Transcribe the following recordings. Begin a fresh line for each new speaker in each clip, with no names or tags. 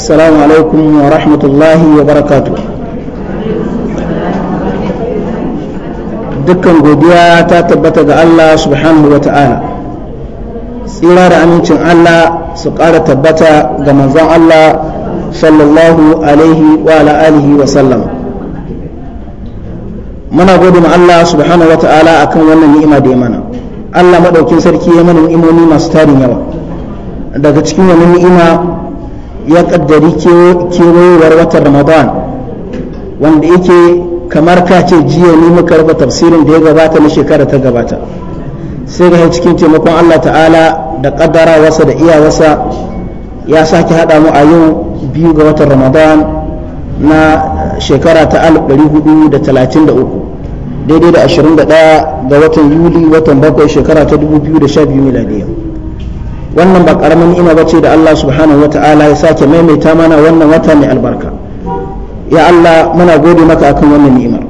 السلام عليكم ورحمة الله وبركاته دكان غوديا تتبتا الله سبحانه وتعالى tsira da amincin Allah su ƙara tabbata ga manzon Allah sallallahu alaihi wa alihi wa sallam muna gode ma Allah subhanahu wa ta'ala akan wannan ni'ima da mana Allah sarki ya mana ni'imomi masu tarin yawa daga cikin wannan ni'ima ya kaddari kewayowar watan ramadan wanda yake kamar ka ce jiya ne muka raba tafsirin da ya gabata na shekara ta gabata sai ga cikin taimakon allah ta'ala da kaddara wasa da wasa ya sake haɗa mu a yau biyu ga watan ramadan na shekara ta 1433 daidai da 21 ga watan yuli watan bakwai shekara ta 2012 miladiya wannan ba karamin ni'ima ce da Allah subhanahu wata'ala ya sake maimaita mana wannan wata mai albarka ya Allah muna gode maka akan wannan ni'imar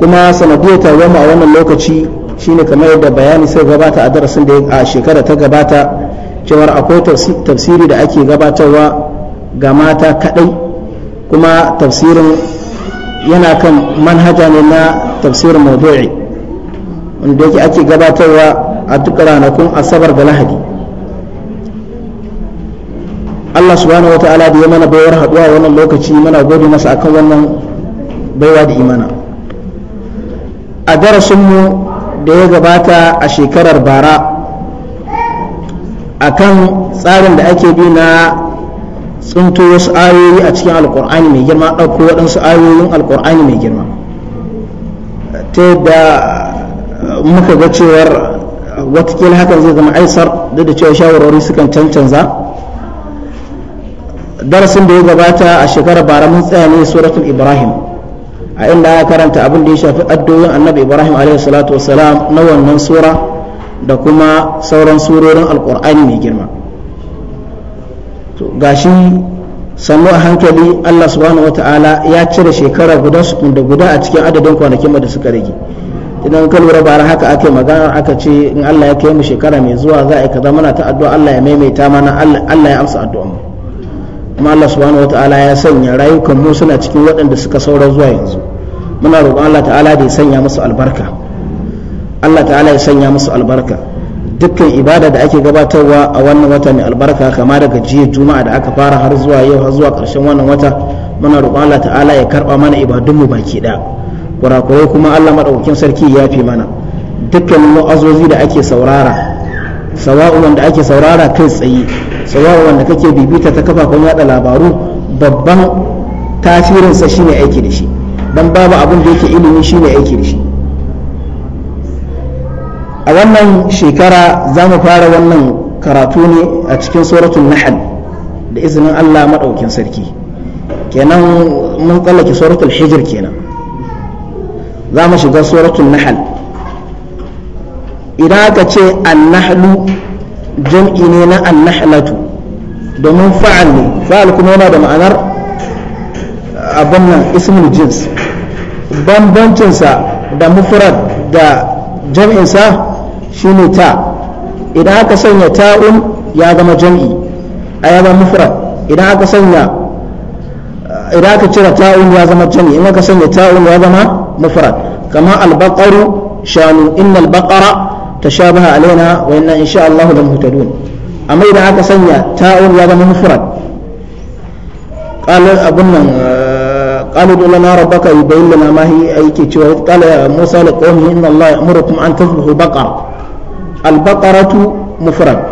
kuma sanadiyar mu a wannan lokaci shine kamar yadda bayani sai gabata a darasin da a shekara ta gabata cewar akwai tafsiri da ake gabatarwa ga mata kadai kuma tafsirin yana kan manhaja ne na tafsirin mawdu'i wanda yake ake gabatarwa a duk ranakun asabar da lahadi Allah subhanahu wata'ala da ya mana baiwar haɗuwa wannan lokaci mana gode masa akan wannan baiwa da imana a darasinmu da ya gabata a shekarar bara akan tsarin da ake bi na tsinto wasu ayoyi a cikin alkur'ani mai girma ɗauko waɗansu ayoyin alkur'ani mai girma ta yadda muka ga cewar watakila hakan zai zama aisar duk da cewa shawarwari sukan cancanza darasin da ya gabata a shekarar bara mun tsaya ne suratul ibrahim a inda aka karanta abin da ya shafi addu'o'in annabi ibrahim alaihi salatu wasalam na wannan sura da kuma sauran surorin alkur'ani mai girma to gashi sannu a hankali allah subhanahu wataala ya cire shekara guda guda a cikin adadin kwanakin da suka rage idan ka lura bara haka ake magana aka ce in Allah ya kai mu shekara mai zuwa za a yi kaza muna ta addu'a Allah ya maimaita mana Allah ya amsa addu'a mu kuma Allah subhanahu wataala ya sanya rayukan mu suna cikin waɗanda suka saura zuwa yanzu muna roƙon Allah ta'ala da ya sanya musu albarka Allah ta'ala ya sanya musu albarka dukkan ibada da ake gabatarwa a wannan wata mai albarka kama daga jiya juma'a da aka fara har zuwa yau har zuwa ƙarshen wannan wata muna roƙon Allah ta'ala ya karɓa mana ibadunmu baki ɗaya kurakurai kuma Allah madaukakin sarki ya fi mana dukkanin wa'azozi da ake saurara sawa'u wanda ake saurara kai tsaye sawa'u wanda kake bibita ta kafafen yada labaru babban tasirinsa shine aiki da shi dan babu abin da yake ilimi shine aiki da shi a wannan shekara za mu fara wannan karatu ne a cikin suratul nahl da izinin Allah maɗaukin sarki kenan mun tsallake suratul hijir kenan za mu shiga suratul nahal idan aka ce annahlu jam'i ne na annahlatu domin fa'al ne fa'al kuma yana da ma'anar abin nan ismul jins bambancinsa da mufrad da jam'insa shine ta idan aka sanya ta'un ya zama jam'i a ya zama mufrad idan aka sanya idan aka cire ta'un ya zama jam'i in aka sanya ta'un ya zama مفرد كما البقر شان إن البقرة تشابه علينا وإن إن شاء الله لمهتدون أما إذا هكا سنيا تاء هذا مفرد قال أبنا آه، قالوا لنا ربك يبين لنا ما هي أي كتير قال موسى لقومه إن الله يأمركم أن تذبحوا بقرة البقرة مفرد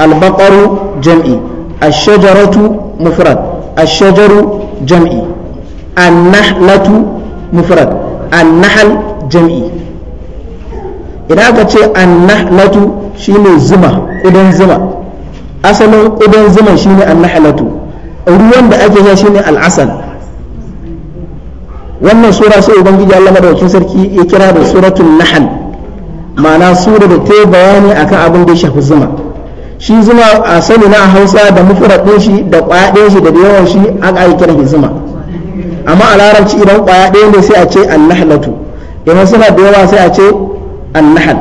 البقر جمعي الشجرة مفرد الشجر جمعي النحلة مفرد annahal jami'i, idan aka ce annahlatu shine zuma ƙudan zuma asalin ƙudan zuma shine annahlatu ruwan da ake sha shine al'asal wannan sura sai ubangiji Allah madaukakin sarki ya kira da suratul nahl ma'ana sura da ta bayani akan abin da ya shafi zuma shi zuma a sani na hausa da mufradin shi da kwaɗin shi da yawan shi aka yi zuma amma a larabci idan kwaya ɗaya ne sai a ce annahlatu idan suna da yawa sai a ce annahal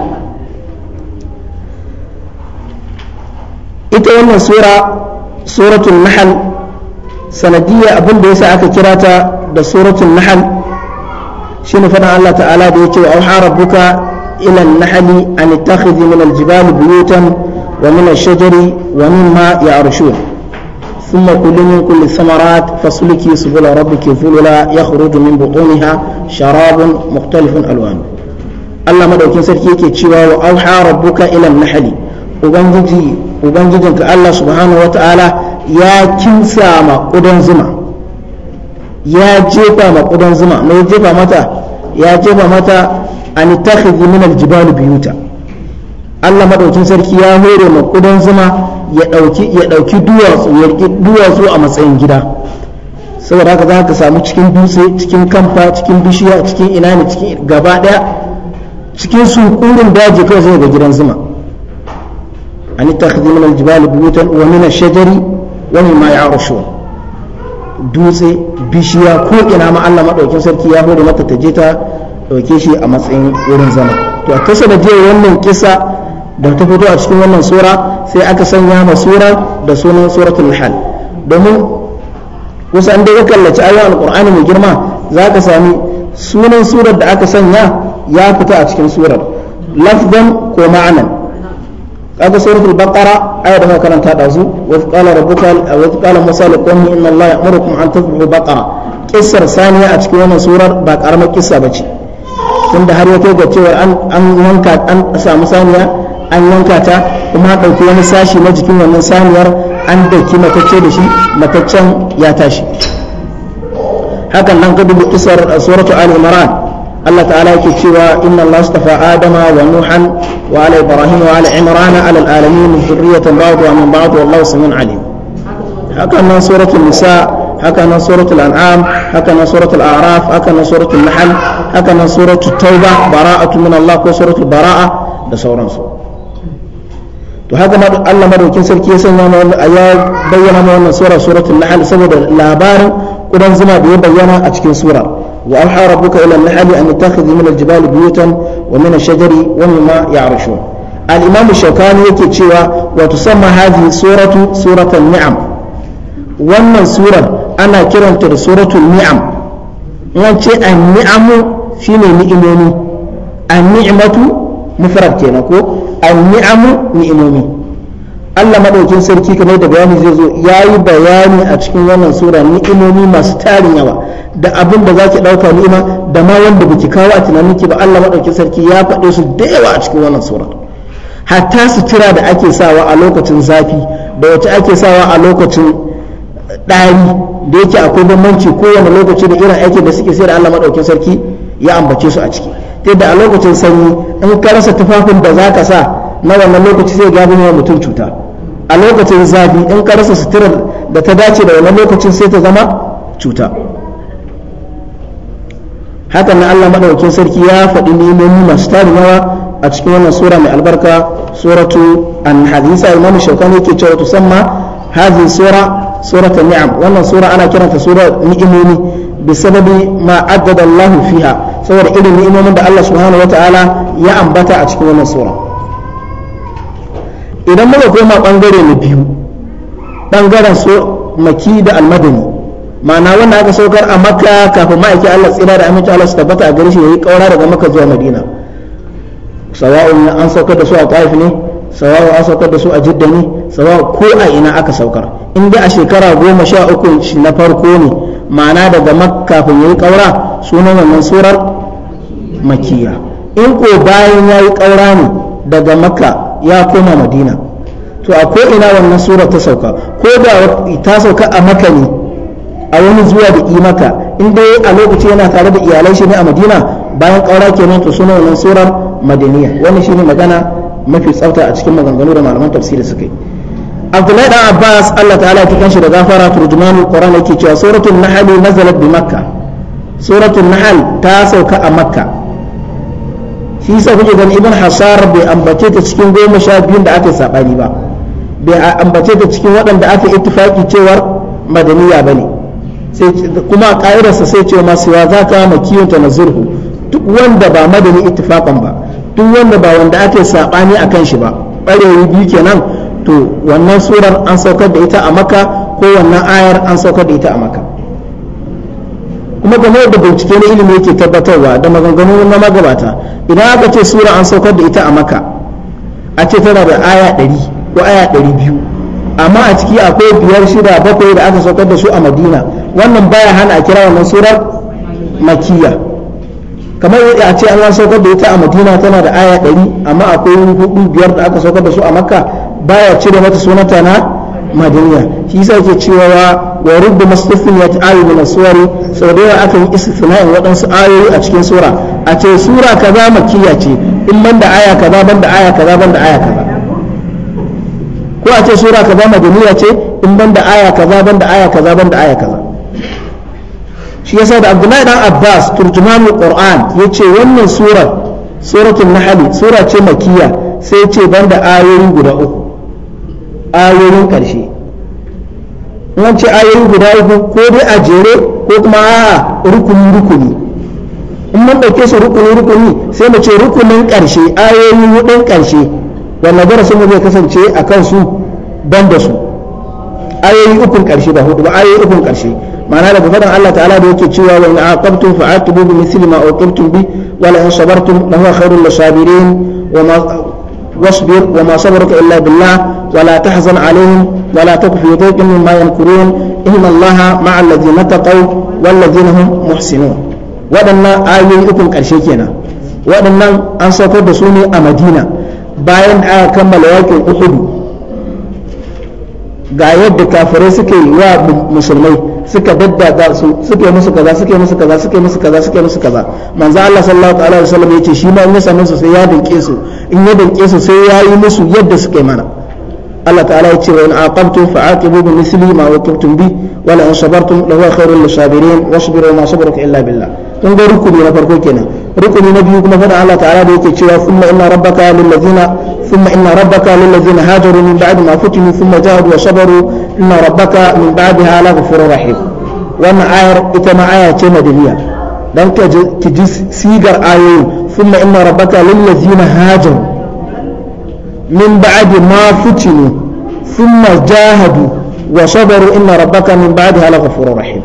ita wannan sura suratul nahal sanadiyya abin da yasa aka kira ta da suratul nahal shine fadan Allah ta'ala da yake wa auha rabbuka ila an-nahli an tattakhidhi min al-jibali buyutan wa min ash-shajari wa mimma ya'rushun ثم كل من كل الثمرات ke سبل ربك ذللا يخرج من بطونها شراب مختلف ألوانه Allah madaukin sarki yake cewa wa auha rabbuka ila nahli ubangiji ubangijinka Allah subhanahu wataala ya kinsa ma kudan ya jefa ma kudan zuma jefa mata ani jefa mata an takhidhi min aljibali biyuta Allah madaukin sarki ya hore ma kudan zuma ya ɗauki duwatsu ya riƙi duwatsu a matsayin gida saboda haka za ka samu cikin dutse cikin kamfa cikin bishiya cikin ina ne cikin gaba ɗaya cikin sunkurin daji kawai sai ga gidan zuma an ittakhadhu min aljibal buyutan wa min ash-shajari wa ma ya'rushu dutse bishiya ko ina ma Allah madaukin sarki ya bude mata ta je ta dauke shi a matsayin wurin zama to a kasa da jiya wannan kisa da ta fito a cikin wannan sura sai aka sanya ma sura da sunan suratul hal domin wasu an daga kallaci ayoyin alqur'ani mai girma za ka sami sunan surar da aka sanya ya fita a cikin surar lafzan ko ma'anan kaga suratul baqara ayar da karanta da su wa qala rabbuka wa qala musa liqawmi inna allaha ya'murukum an tadhbu baqara kissar saniya a cikin wannan surar ba karamar kissa bace tunda har ya kai ga cewa an an wanka an samu saniya an yanka ta kuma an ɗauki wani sashi na jikin wannan saniyar an daki matacce da shi mataccen ya tashi hakan nan gadu isar suratu al imran Allah ta'ala yake cewa inna Allah astafa adama wa nuhan wa ala ibrahim wa ala imran ala alamin zurriyatan ba'd wa min ba'd wallahu samiun alim hakan nan suratul nisa hakan nan suratul an'am hakan nan suratul a'raf hakan nan suratul nahl hakan nan suratul tauba bara'atu min Allah ko suratul bara'a da sauransu to haka Allah madaukin sarki ya sanya mana ya bayyana mana wannan sura suratul nahl saboda labarin kudan zuma da ya bayyana a cikin sura wa auha rabbuka ila an-nahl an tattakhidha min al-jibali buyutan wa min ash-shajari wa mimma ya'rushun al-imam shawkani yake cewa wa tusamma hadhihi suratu suratul ni'am wannan surar ana kiranta da suratul ni'am in ce an-ni'amu shine ni'imomi an-ni'matu mufrad kenan ko anni'amu ni'imomi Allah madaukin sarki kamar da bayani zai zo ya yi bayani a cikin wannan sura ni'imomi masu tarin yawa da abin da zaki dauka ni'ima da ma wanda baki kawo a ki ba Allah madaukin sarki ya faɗe su da yawa a cikin wannan sura hatta tira da ake sawa a lokacin zafi da wacce ake sawa a lokacin ɗari da yake akwai bambanci kowane lokaci da irin aikin da suke sai da Allah maɗaukin sarki ya ambace su a ciki ta yadda a lokacin sanyi in ka rasa tufafin da za ka sa na wannan lokaci zai gabi wa mutum cuta a lokacin zafi in ka rasa suturar da ta dace da wannan lokacin sai ta zama cuta hakan na Allah madaukakin sarki ya faɗi nemomi masu tari nawa a cikin wannan sura mai albarka suratu an-nahl yasa imam shaukani yake cewa tusamma hadhihi sura suratu ni'am wannan sura ana kiranta sura ni'imomi bisababi ma addada Allah fiha saboda irin ni'imomin da Allah subhanahu wataala ya ambata a cikin wannan sura idan muka koma bangare na biyu bangaren so maki da almadani ma'ana wanda aka saukar a makka kafin ma'aikin Allah tsira da aminci Allah su tabbata a gare shi yayi kaura daga makka zuwa madina sawa'un an saukar da su a taif ne sawa'u an saukar da su a jidda ne sawa'u ko a ina aka saukar in dai a shekara goma sha uku na farko ne ma'ana daga makka kafin yayi kaura sunan wannan surar makiya in ko bayan ya yi ne daga makka ya koma madina to a ko ina wannan sura ta sauka ko da ta sauka a maka ne a wani zuwa da imaka in yi a lokaci yana tare da iyalai shi ne a madina bayan ƙaura kenan to suna wannan surar madaniya shi ne magana mafi tsafta a cikin maganganu da malaman tafsiri suka yi abdullahi dan abbas allah ta'ala ya kanshi da gafara turjumanul qur'an yake cewa suratul nahl nazalat bi makkah suratul nahl ta sauka a makka shi yasa kuke gani ibn hasar bai ambace ta cikin goma sha biyun da aka sabani ba bai ambace ta cikin waɗanda aka ittifaki cewar madaniya ba ne. kuma a ƙa'idarsa sai ce ma siwa za ka makiyun ta zurhu. duk wanda ba madani ittifaqan ba duk wanda ba wanda ake sabani kan shi ba barewi biyu kenan to wannan surar an saukar da ita a maka ko wannan ayar an saukar da ita a maka kuma game da bincike na ilimi yake tabbatarwa da maganganu na magabata idan aka ce sura an saukar da ita a maka a ce tana da aya 100 ko aya 200 amma a ciki akwai biyar shida bakwai da aka saukar da su a madina wannan baya hana a kira wannan surar makiya kamar yadda a ce an saukar da ita a madina tana da aya 100 amma akwai hudu biyar da aka saukar da su a makka baya cire mata sunanta na madaniya shi yasa yake cewa wa mustafin ya ayu min as-suwari sau da yawa akan istifna'in waɗansu ayoyi a cikin sura a ce sura kaza makiyya ce in ban da aya kaza ban da aya kaza ban da aya kaza ko a ce sura kaza madaniya ce in ban da aya kaza ban da aya kaza ban da aya kaza shi yasa da Abdullahi dan Abbas turjumanul Qur'an yace wannan sura suratul Nahl sura ce makiyya sai ce ban da ayoyi guda uku ayoyin ƙarshe nan ce ayoyi guda uku ko dai a jere ko kuma a rukunin rukuni in mun ɗauke su rukunin rukuni sai mu ce rukunin ƙarshe ayoyi hudun ƙarshe wannan darasin mu zai kasance a kan su ban da su ayoyi ukun ƙarshe ba hudu ba ayoyi ukun ƙarshe ma'ana daga faɗin Allah ta'ala da yake cewa wa in aqabtum fa'atubu bi misli ma uqibtum bi wa la in sabartum la huwa khairul sabirin wa ma wasbir wa ma sabruka illa billah ولا تحزن عليهم ولا تك في ضيق مما ينكرون إن الله مع الذين اتقوا والذين هم محسنون waɗannan آية ukun ƙarshe kenan waɗannan an أمدينة da su ne a madina bayan aka kammala yakin uhudu ga yadda kafirai suke yi wa musulmai suka su suke musu kaza suke musu kaza suke musu kaza suke musu kaza manzo Allah sallallahu alaihi wasallam yace shi ma in ya same su sai ya dinke su in ya sai ya yi musu yadda suke mana الله تعالى يتشير وإن عاقبتم فعاقبوا بمثل ما عوقبتم به إن صبرتم لهو خير للصابرين واصبروا ما صبرك إلا بالله كان ده ركن يا فرقوكنا ركن نبي فدع الله تعالى يتشير ثم إن ربك للذين ثم إن ربك للذين هاجروا من بعد ما فتنوا ثم جاهدوا وصبروا إن ربك من بعدها لغفور رحيم وما عاير إتما آية, آية مدنية لن تجيس سيجر آيين ثم إن ربك للذين هاجروا min ba'di ma futinu thumma jahadu wa sabaru inna rabbaka min hala laghafurur rahim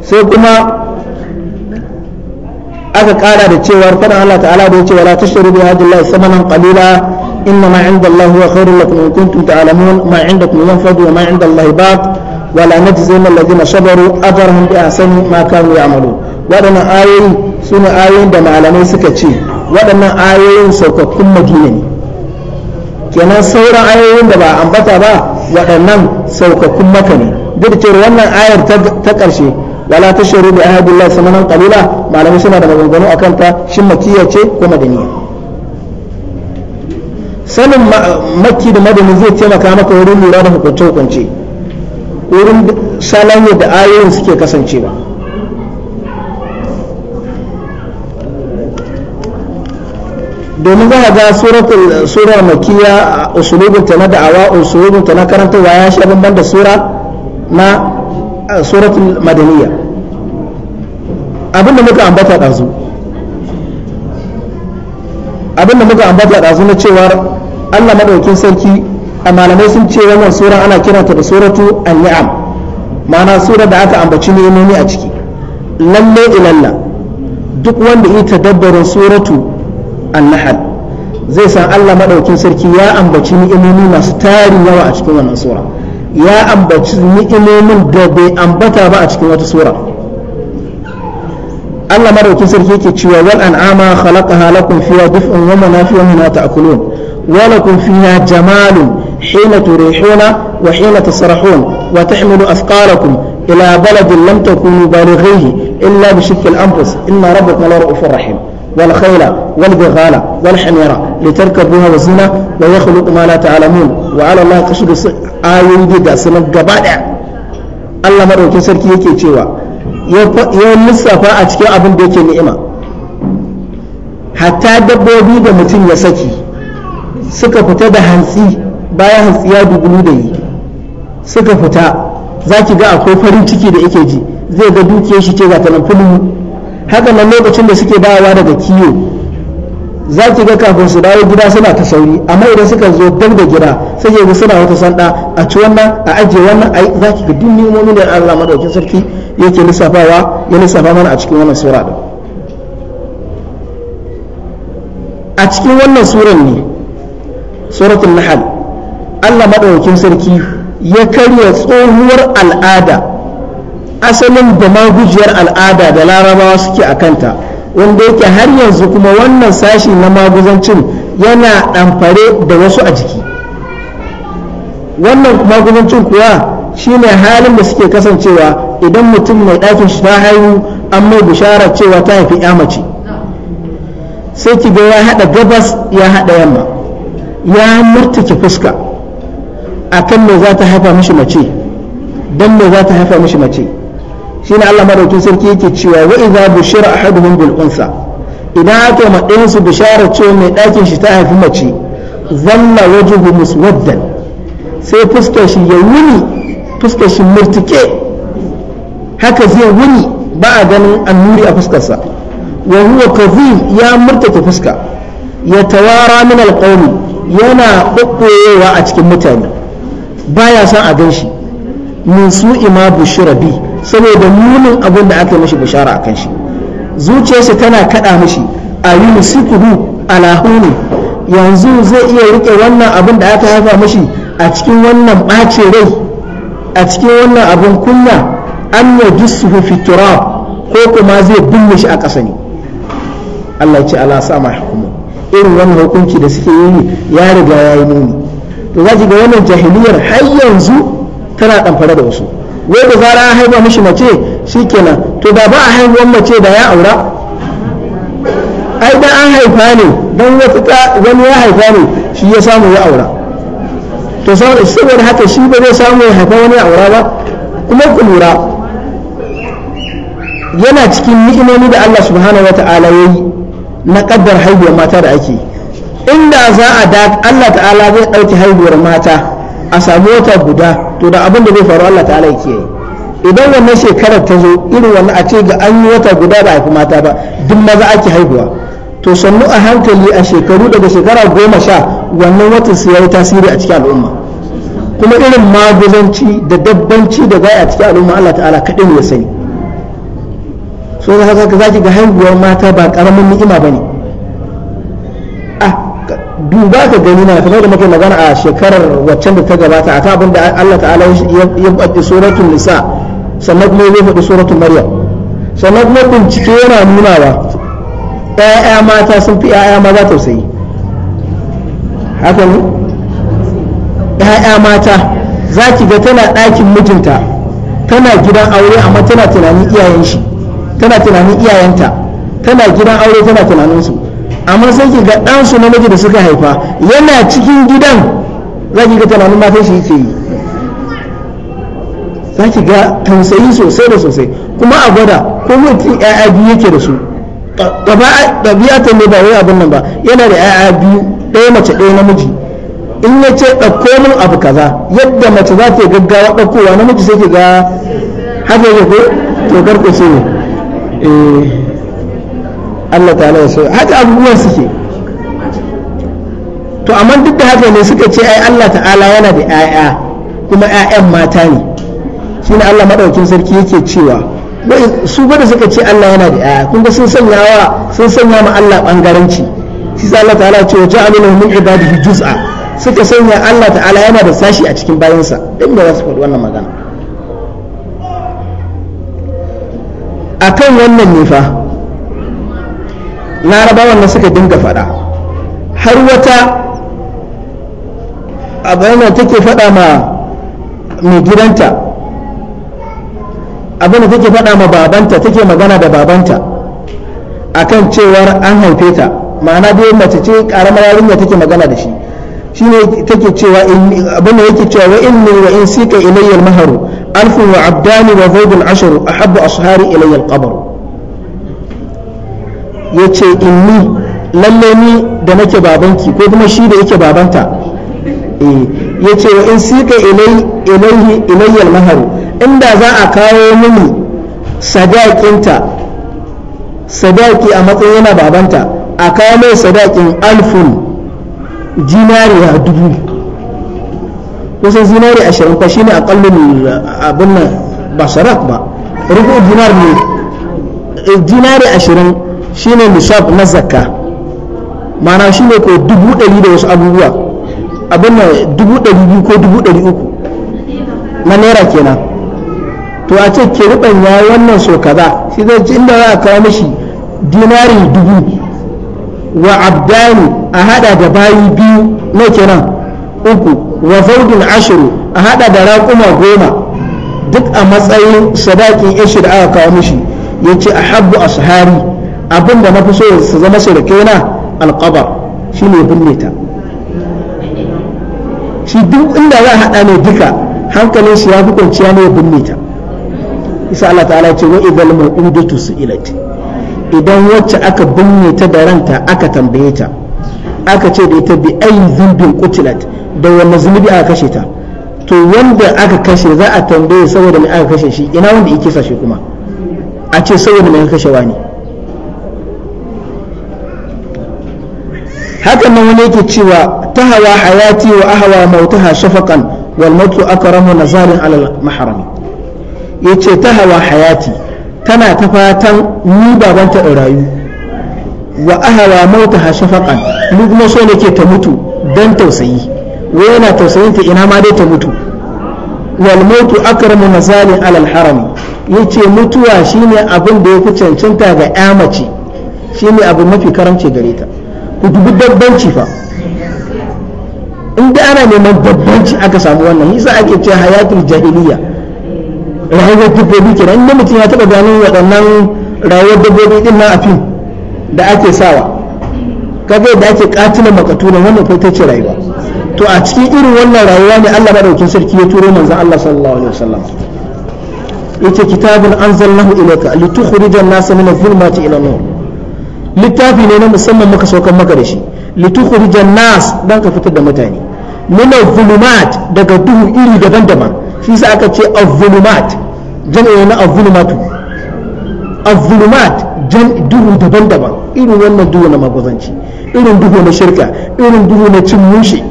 sai kuma aka kara da cewar faɗin Allah ta'ala da yace wala tashru bi hadi Allah samanan qalila inna ma 'inda Allah huwa khairul lakum in kuntum ta'lamun ma 'indakum yanfadu wa ma 'inda Allah baq wala najzina alladhina sabaru ajrahum bi ahsani ma kanu ya'malun waɗannan ayoyi suna ayoyin da malamai suka ce waɗannan ayoyin saukakkun madina ne kenan sauran ayoyin da ba a ambata ba waɗannan saukakkun maka ne duk da cewa wannan ayar ta ƙarshe wala ta da bi ahadullah samanan qalila malamai suna da maganganu akan ta shin makiyya ce ko madaniya sanin makki da madani zai taimaka maka wurin lura da hukunce hukunce wurin salon yadda ayoyin suke kasancewa domin za ga suratul surar makiya usulubun ta na da'awa usulubun ta na karantarwa ya sha bamban da sura na suratul madaniya abinda muka ambata ɗazu abinda muka ambata ɗazu na cewar allah maɗaukin sarki a malamai sun ce wannan sura ana kiranta da suratu an-ni'am ma'ana sura da aka ambaci nemomi a ciki lalle ilalla duk wanda ita dabbarin suratu annahal zai san Allah madaukin sarki ya ambaci ni'imomi masu tarin yawa a cikin wannan sura ya ambaci ni'imomin da bai ambata ba a cikin wata sura Allah maɗaukin sarki yake cewa wal an'ama khalaqaha lakum fiha dif'un wa manafi'un minha ta'kulun wa lakum fiha jamalun hina turihuna wa hina tasrahun wa tahmilu asqalakum ila baladin lam takunu balighihi illa bi shakl anfus inna rabbaka la rahim والخيل والبغال والحميرة لتركبوها وزينة ويخلق ما لا تعلمون وعلى الله تشهد آيون دي سنة قبادع الله مرة كي يكي تشيوا يوم لسافة أتكي أبن بيكي نئمة حتى دبو بيدا متن يسكي سكا فتا fita da hantsi bayan hantsi ya dubulu da yi suka fita za ki ga akwai farin ciki da yake ji zai ga haka nan lokacin da suke dawowa daga kiyo za ki ga kafin su dawo gida suna ta sauri amma idan suka zo dab da gida sai ke suna wata sanda a ci wannan a ajiye wannan a za ki ga duk nemomin da Allah madaukin sarki yake lissafawa ya lissafa mana a cikin wannan sura din a cikin wannan suran ne suratul nahl Allah madaukin sarki ya karya tsohuwar al'ada asalin da magujiyar al'ada da larabawa suke a kanta wanda yake har yanzu kuma wannan sashi na maguzancin yana ɗamfare da wasu a jiki wannan maguzancin kuwa shine halin da suke kasancewa idan mutum mai ɗakin shi ta haihu an mai bishara cewa ta haifi ya mace sai ki ga ya haɗa gabas ya haɗa yamma ya murtuki fuska akan me za ta haifa mishi mace don me za ta haifa mishi mace shine Allah madaukin sarki yake cewa wa idza bushira ahaduhum bil unsa idan aka ma ɗayan su bishara cewa mai ɗakin shi ta haifi mace zalla wajhu muswaddan sai fuskar shi ya wuni fuskar shi murtike haka zai wuni ba a ganin annuri a fuskarsa wa huwa kadhib ya murtake fuska ya tawara min alqawmi yana kokkoyewa a cikin mutane baya son a gan shi min su'i bushira bi saboda munin abin da aka yi mashi bishara akan shi zuciyarsa tana kada mashi a yi musikuhu alahuni yanzu zai iya rike wannan abin da aka haifa mashi a cikin wannan ɓace rai a cikin wannan abin kunya an ya dusu fitura ko kuma zai binne shi a ƙasa ne Allah ce ala sama hukumu irin wannan hukunci da suke yi ya riga ya yi muni to za ki ga wannan jahiliyar har yanzu tana ɗamfare da wasu wai da zara an haifa mishi mace kenan, to da ba a haihuwan mace da ya aura ai dan an haifa ne dan wata wani ya haifa ne shi ya samu ya aura to saboda haka shi ba zai samu ya haifa wani ya aura ba kuma ku lura yana cikin ni'imomi da Allah subhanahu wa ta'ala ya yi na kaddar haihuwar mata da ake inda za a da Allah ta'ala zai dauki haihuwar mata a samu wata guda to da abin da zai faru Allah ta'ala yake yi idan wannan shekarar ta zo irin wannan a ce ga an yi wata guda ba a haifi mata ba duk maza ake haihuwa to sannu a hankali a shekaru daga shekara goma sha wannan watan su ya yi tasiri a cikin al'umma kuma irin maguzanci da dabbanci da gaya a cikin al'umma Allah ta'ala kaɗai ya sani so haka za ka ga haihuwar mata ba ƙaramin ni'ima ba ne duba ka gani na kamar da muke magana a shekarar waccan da ta gabata a ta abin da Allah ta'ala ya faɗi suratul nisa sannan kuma ya faɗi suratul maryam sannan kuma bincike yana nuna ba ƴaƴa mata sun fi ƴaƴa maza tausayi haka ne ƴaƴa mata za ki ga tana ɗakin mijinta tana gidan aure amma tana tunanin iyayen shi tana tunanin iyayenta tana gidan aure tana tunanin su amma sai ki ga ɗansu namiji da suka haifa yana cikin gidan za ki ga tunanin matan shi yake yi za ki ga tausayi sosai da sosai kuma a gwada ko mutum ya'ya biyu yake da su ta ne ba wai abin nan ba yana da ya'ya biyu ɗaya mace ɗaya namiji in ya ce ɗauko min abu kaza yadda mace za ta gaggawa ɗaukowa namiji sai ki ga haka yake ko to garko ne eh. Allah ta'ala ya sauya haka abubuwan suke to amma duk da haka ne suka ce ai Allah ta'ala yana da ƴaƴa kuma ƴaƴan mata ne shine Allah madaukin sarki yake cewa su bada suka ce Allah yana da ƴaƴa, kun ga sun sanya wa sun sanya ma Allah bangaranci shi sa Allah ta'ala ce wa lahu min ibadihi juz'a suka sanya Allah ta'ala yana da sashi a cikin bayansa dan da wasu faɗi wannan magana akan wannan ne fa larabawan da suka dinga fada har wata abin da take fada ma mai gidanta abin da take fada ma babanta take magana da babanta akan cewar an haife ta ma'ana dai mace ce karamar yarinya take magana da shi shi ne take cewa abin da yake cewa wa inni wa in sika ilayya maharu alfun wa abdani wa zaidun asharu habu ashari ilayyar al ya ce inni lalle ni da nake babanki ko kuma shi da yake babanta eh, ya ce wa in sika ilayyar maharu inda za a kawo mini sadakinta sadaki a matsayin yana babanta a kawo mai sadakin alfun jinariya dubu kusan zinari ashirin kwa shine akallin abin nan ba sharat ba rubu dinar ne eh, dinari ashirin shine nishab na zakka mana shine ko dubu ɗari da wasu abubuwa abin na dubu ɗari biyu ko dubu ɗari uku na naira kenan to a ce ke ya wannan so kaza shi zai ci inda za a kawo mashi dinari dubu wa abdani a hada da bayi biyu na kenan uku wa faudin ashiru a hada da raƙuma goma duk a matsayin sadakin ishi da aka kawo mashi ya ce a habbu a sahari abin da na fi so su zama surukai na alƙabar shi ne binne ta shi duk inda za a haɗa ne duka hankalin shi ya fi kwanciya ne binne ta isa Allah ta'ala ce wa idal mau'udatu su'ilat idan wacce aka binne ta da ranta aka tambaye ta aka ce da ita bi ayi zumbin qutilat da wani zunubi aka kashe ta to wanda aka kashe za a tambaye saboda me aka kashe shi ina wanda ya kisa shi kuma a ce saboda me aka kashe wani sannan wani yake cewa ta hawa hayati wa ahawa mautaha shafaqan wal mautu akramu nazarin alal maharami yace ta hawa hayati tana ta fatan ni babanta in rayu wa ahawa mautaha shafaqan ni kuma so nake ta mutu dan tausayi wai yana tausayin ta ina ma dai ta mutu wal mautu akramu nazarin alal harami yace mutuwa shine abin da yake cancanta ga ya mace shine abu mafi karamci gare ta ku dubi babbanci fa in da ana neman babbanci aka samu wannan yasa ake ce hayatul jahiliya rayuwar dabbobi kenan inda mutum ya taba ganin waɗannan rayuwar dabbobi din na afin da ake sawa kaga da ake katila makatuna wannan ko ta ce rayuwa to a cikin irin wannan rayuwa ne Allah madaukin sarki ya turo manzon Allah sallallahu alaihi wasallam yace kitabun anzalnahu ilayka litukhrijan nasa min adh-dhulumati ila an-nur littafi ne na musamman muka saukan maka da shi litukhrijan nas dan ka fitar da mutane min az-zulumat daga duhu iri daban-daban shi sa aka ce az-zulumat jam'i na az A az-zulumat duhu daban-daban irin wannan duhu na magwazanci irin duhu na shirka irin duhu na cin mushi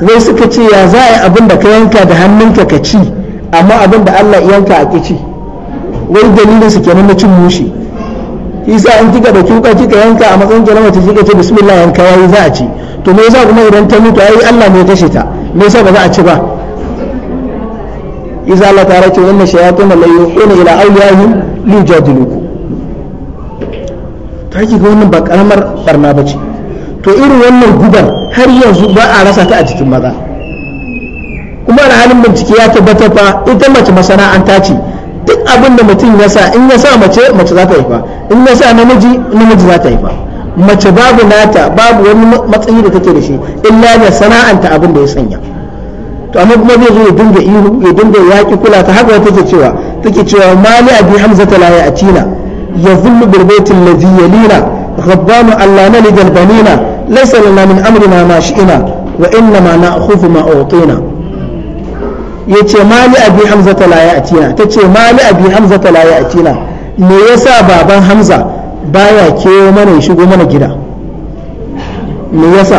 wai suka ce ya za a yi abin da ka yanka da hannunka ka ci amma abin da Allah yanka a ci wai dalilin su kenan na cin mushi isa in kika da kuka kika yanka a matsayin kira ta kika ce bismillah yanka yayi za a ci to me yasa kuma idan ta mutu ai Allah ne ya kashe ta me yasa ba za a ci ba isa la ta inna shayatin la yuhina ila awliyahum li jadiluku ta ki ga wannan ba karamar barna bace to irin wannan gubar har yanzu ba a rasa ta a cikin maza kuma da halin bincike ya tabbata fa ita mace masana'anta ce duk abin da mutum ya sa in ya sa mace mace za ta fa. in na sa namiji namiji za ta yi haifa mace babu nata babu wani matsayi da take da shi illa da sana'anta abin da ya sanya to amma kuma zai zo ya dinga ihu ya dinga yaƙi kula ta haka take cewa take cewa mali abi hamza ta laye a cina ya zullu birbetin ladhi yalina rabbanu alla nalid albanina laysa lana min amrina ma shi'ina wa inna ma na'khudhu ma utina ce mali abi hamza ta laye a cina ce mali abi hamza ta laye a cina me yasa baban hamza baya kewa mana ya shigo mana gida me yasa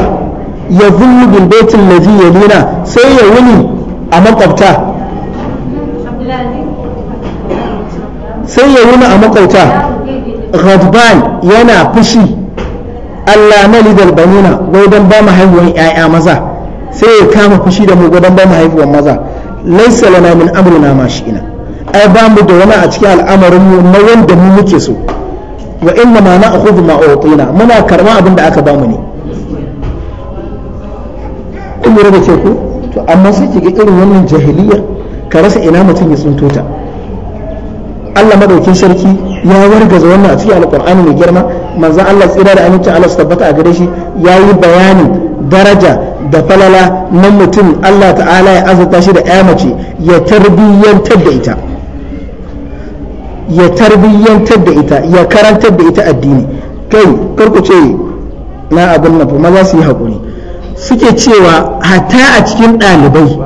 ya zullu bil baitin ladhi yalina sai ya wuni a makwabta sai ya wuni a makwabta ghadban yana fushi Allah mali dal banina wai ba mu haihuwan 'ya'ya maza sai ya kama fushi da mu dan ba mu haihuwan maza laysa lana min amrina ma shi'ina ai ba mu da wani a cikin al'amarin mu na wanda mu muke so wa inna ma na akhudhu ma utina muna karma abin da aka bamu ne kun lura da ku to amma sai ki irin wannan jahiliya ka rasa ina mutum ya tsinto ta Allah madaukin sarki ya wargaza wannan a cikin alqur'ani mai girma manzon Allah tsira da aminci Allah su tabbata a gare shi yayi bayanin daraja da falala na mutum Allah ta'ala ya azurta shi da ya mace ya tarbiyyantar da ita ya tarbiyyantar da ita ya karantar da ita addini kai karku ce na abin nan maza su yi haƙuri suke cewa hatta a cikin ɗalibai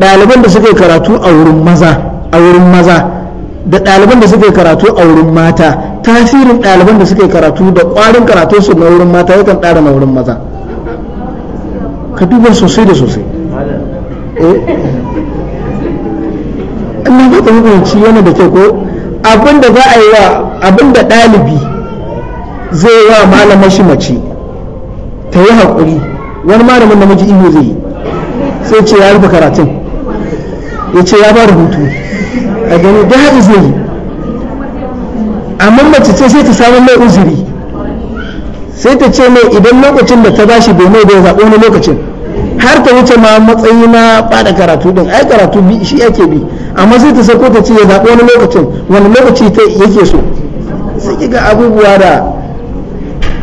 ɗaliban da suke karatu a wurin maza a wurin maza da ɗaliban da suke karatu a wurin mata tasirin ɗaliban da suke karatu da ƙwarin karatu su na wurin mata yakan ɗara na wurin maza ka duba sosai da sosai eh ina ba ta hukunci yana da kyau ko abin da za a yi wa abinda ɗalibi zai wa malamar shi mace ta yi haƙuri wani malamin namiji ihu zai yi sai ce ya rufe karatun ya ce ya ba rubutu a gani da haɗi zai yi amma mace ce sai ta samu mai uzuri sai ta ce mai idan lokacin da ta ba shi domin da ya zaɓo wani lokacin har ta wuce ma matsayi na bada karatu din ai karatu bi shi yake bi amma sai ta sako ta ce ya zaɓi wani lokacin wani lokaci ta yake so sai kiga abubuwa da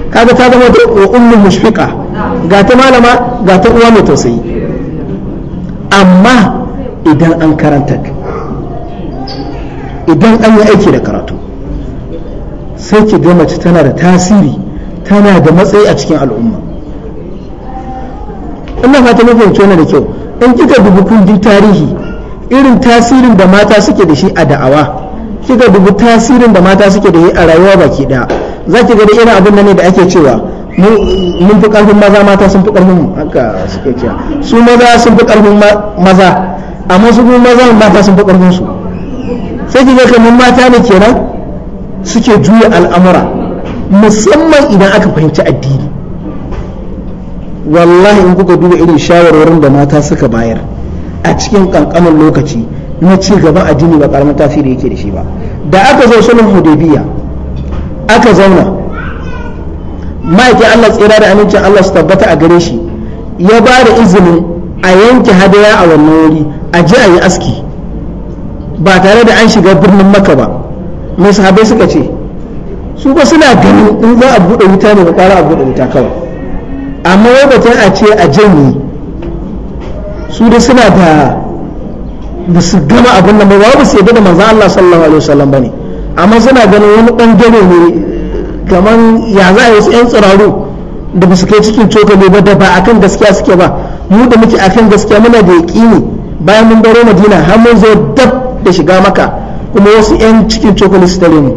kaga ta zama da ummu mushfiqa ga ta malama ga ta uwa mai tausayi amma idan an karanta idan an yi aiki da karatu sai ki ga mace tana da tasiri tana da matsayi a cikin al'umma ina fata mun fahimci wannan da kyau in kika dubi kundin tarihi irin tasirin da mata suke da shi a da'awa kika dubi tasirin da mata suke da yi a rayuwa baki daya za ki ga irin abin da ne da ake cewa mun fi karfin maza mata sun fi karfin haka suke cewa su maza sun fi karfin maza amma su kuma maza mata sun fi karfin su sai ki ga kamar mata ne kenan suke juya al'amura musamman idan aka fahimci addini wallahi in kuka duba irin shawarwarin da mata suka bayar a cikin kankanin lokaci na ci a jini ba karamin tasiri yake da shi ba da aka zo sulhun hudaybiya aka zauna ma'aikin Allah tsira da amincin Allah su tabbata a gare shi ya ba da izinin a yanke hadaya a wannan wuri a je a yi aski ba tare da an shiga birnin maka ba mai sahabai suka ce su ba suna ganin in za a buɗe wuta ne ba ƙwara a buɗe wuta kawai amma wai batun a ce a janye su da suna da ba su gama abin nan ba ba su yadda da manzan Allah sallallahu alaihi wasallam bane amma suna ganin wani bangare ne kamar ya za a yi wasu 'yan tsiraru da ba su kai cikin cokali ba da ba a kan gaskiya suke ba mu da muke a kan gaskiya muna da yaƙini bayan mun baro madina har mun zo dab da shiga maka kuma wasu 'yan cikin cokali su tare mu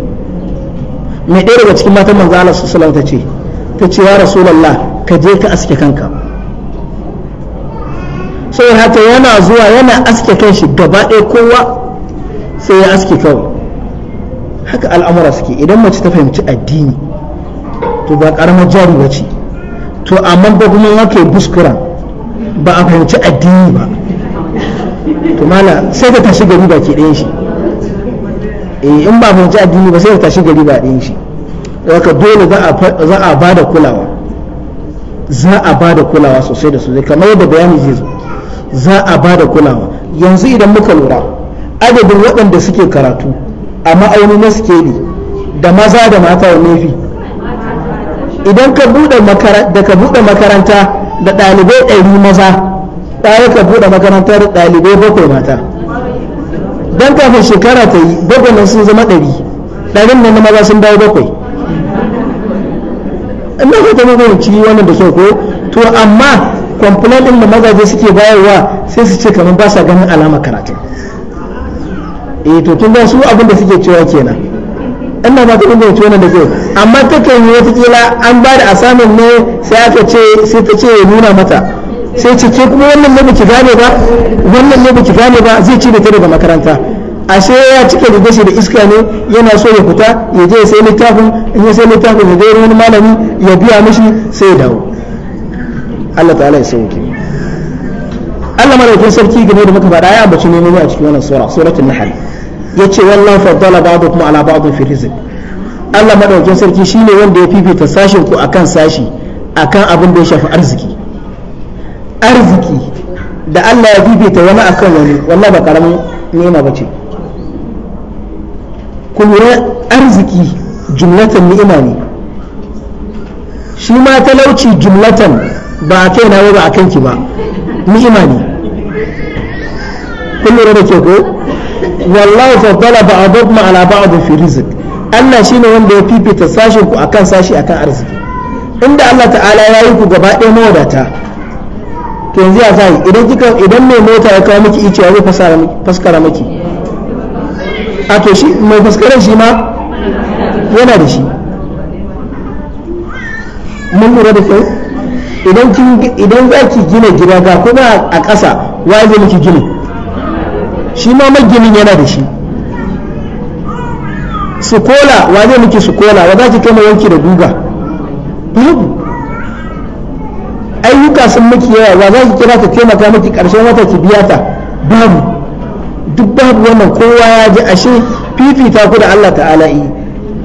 mai ɗaya daga cikin matan manzo Allah sallallahu alaihi ta ce ta ce ya ka je ka aske kanka sai haka yana zuwa yana aske kan shi gaba ɗaya kowa sai ya aske kawai haka al'amura suke idan mace ta fahimci addini to ba karamar jari ba ce to amma ba kuma yake buskura ba a fahimci addini ba to mala sai ta tashi gari ba ke ɗayan shi eh, in ba fahimci addini ba sai ta tashi gari ba ɗayan shi haka dole za a ba da kulawa za a ba da kulawa sosai da sosai kamar yadda bayani zai zo za a ba da kulawa yanzu idan muka lura adadin waɗanda suke karatu a ma'auni na sikeli da maza da mata wa nefi idan ka buɗe makaranta da ɗalibai ɗari maza ɗaya ka buɗe makaranta da ɗalibai bakwai mata don kafin shekara ta yi bakwai sun zama ɗari ɗarin nan na maza sun dawo bakwai ina ko ta ko ciki wannan da so ko to amma complaint din da mazaje suke bayarwa sai su ce kamar ba sa ganin alama karatu eh to tun da su abin da suke cewa kenan ina ba ta inda ce wannan da ke amma ta kan yi wata an ba da asamin ne sai aka ce sai ta ce ya nuna mata sai ce ke kuma wannan ne baki gane ba wannan ne baki gane ba zai ci da ta daga makaranta ashe ya cika da shi da iska ne yana so ya fita ya je sai littafin in ya sai littafin ya je wani malami ya biya mishi sai ya dawo Allah ta'ala ya sauke Allah malaikin sarki game da muka faɗa ya ambaci ne a cikin wannan sura suratul nahl yace wallahu faddala ba'dukum ala ba'd fi rizq Allah madaukin sarki shine wanda ya fifita sashin ku akan sashi akan abin da ya shafi arziki arziki da Allah ya fifita wani akan wani wallahi ba karamin nema bace kuma arziki jumlatan ni'ima ne shi ma talauci jumlatan ba a kai na ba a kanki ba ni'ima ne kun lura da ke ko wallahi faddala ba'dakum ala ba'd fi na Allah ne wanda ya fifita sashen ku akan sashi akan arziki inda Allah ta'ala ya yi ku gaba ɗaya mawadata to yanzu ya zai idan kika idan mai mota ya kawo miki icewa zai faskara miki a to shi mai fuskarar shi ma yana da shi mun lura da kai? idan za ki gina gida ga kuma a ƙasa waye zai miki gini shi ma maginin yana da shi sukola wa zai miki sukola wa za ki kai wanki da guga babu ayyuka sun miki yawa wa za ki kira ka taimaka miki ƙarshen wata ki biya ta babu duk babu wannan kowa ya ji ashe fifita ku da Allah ta'ala yi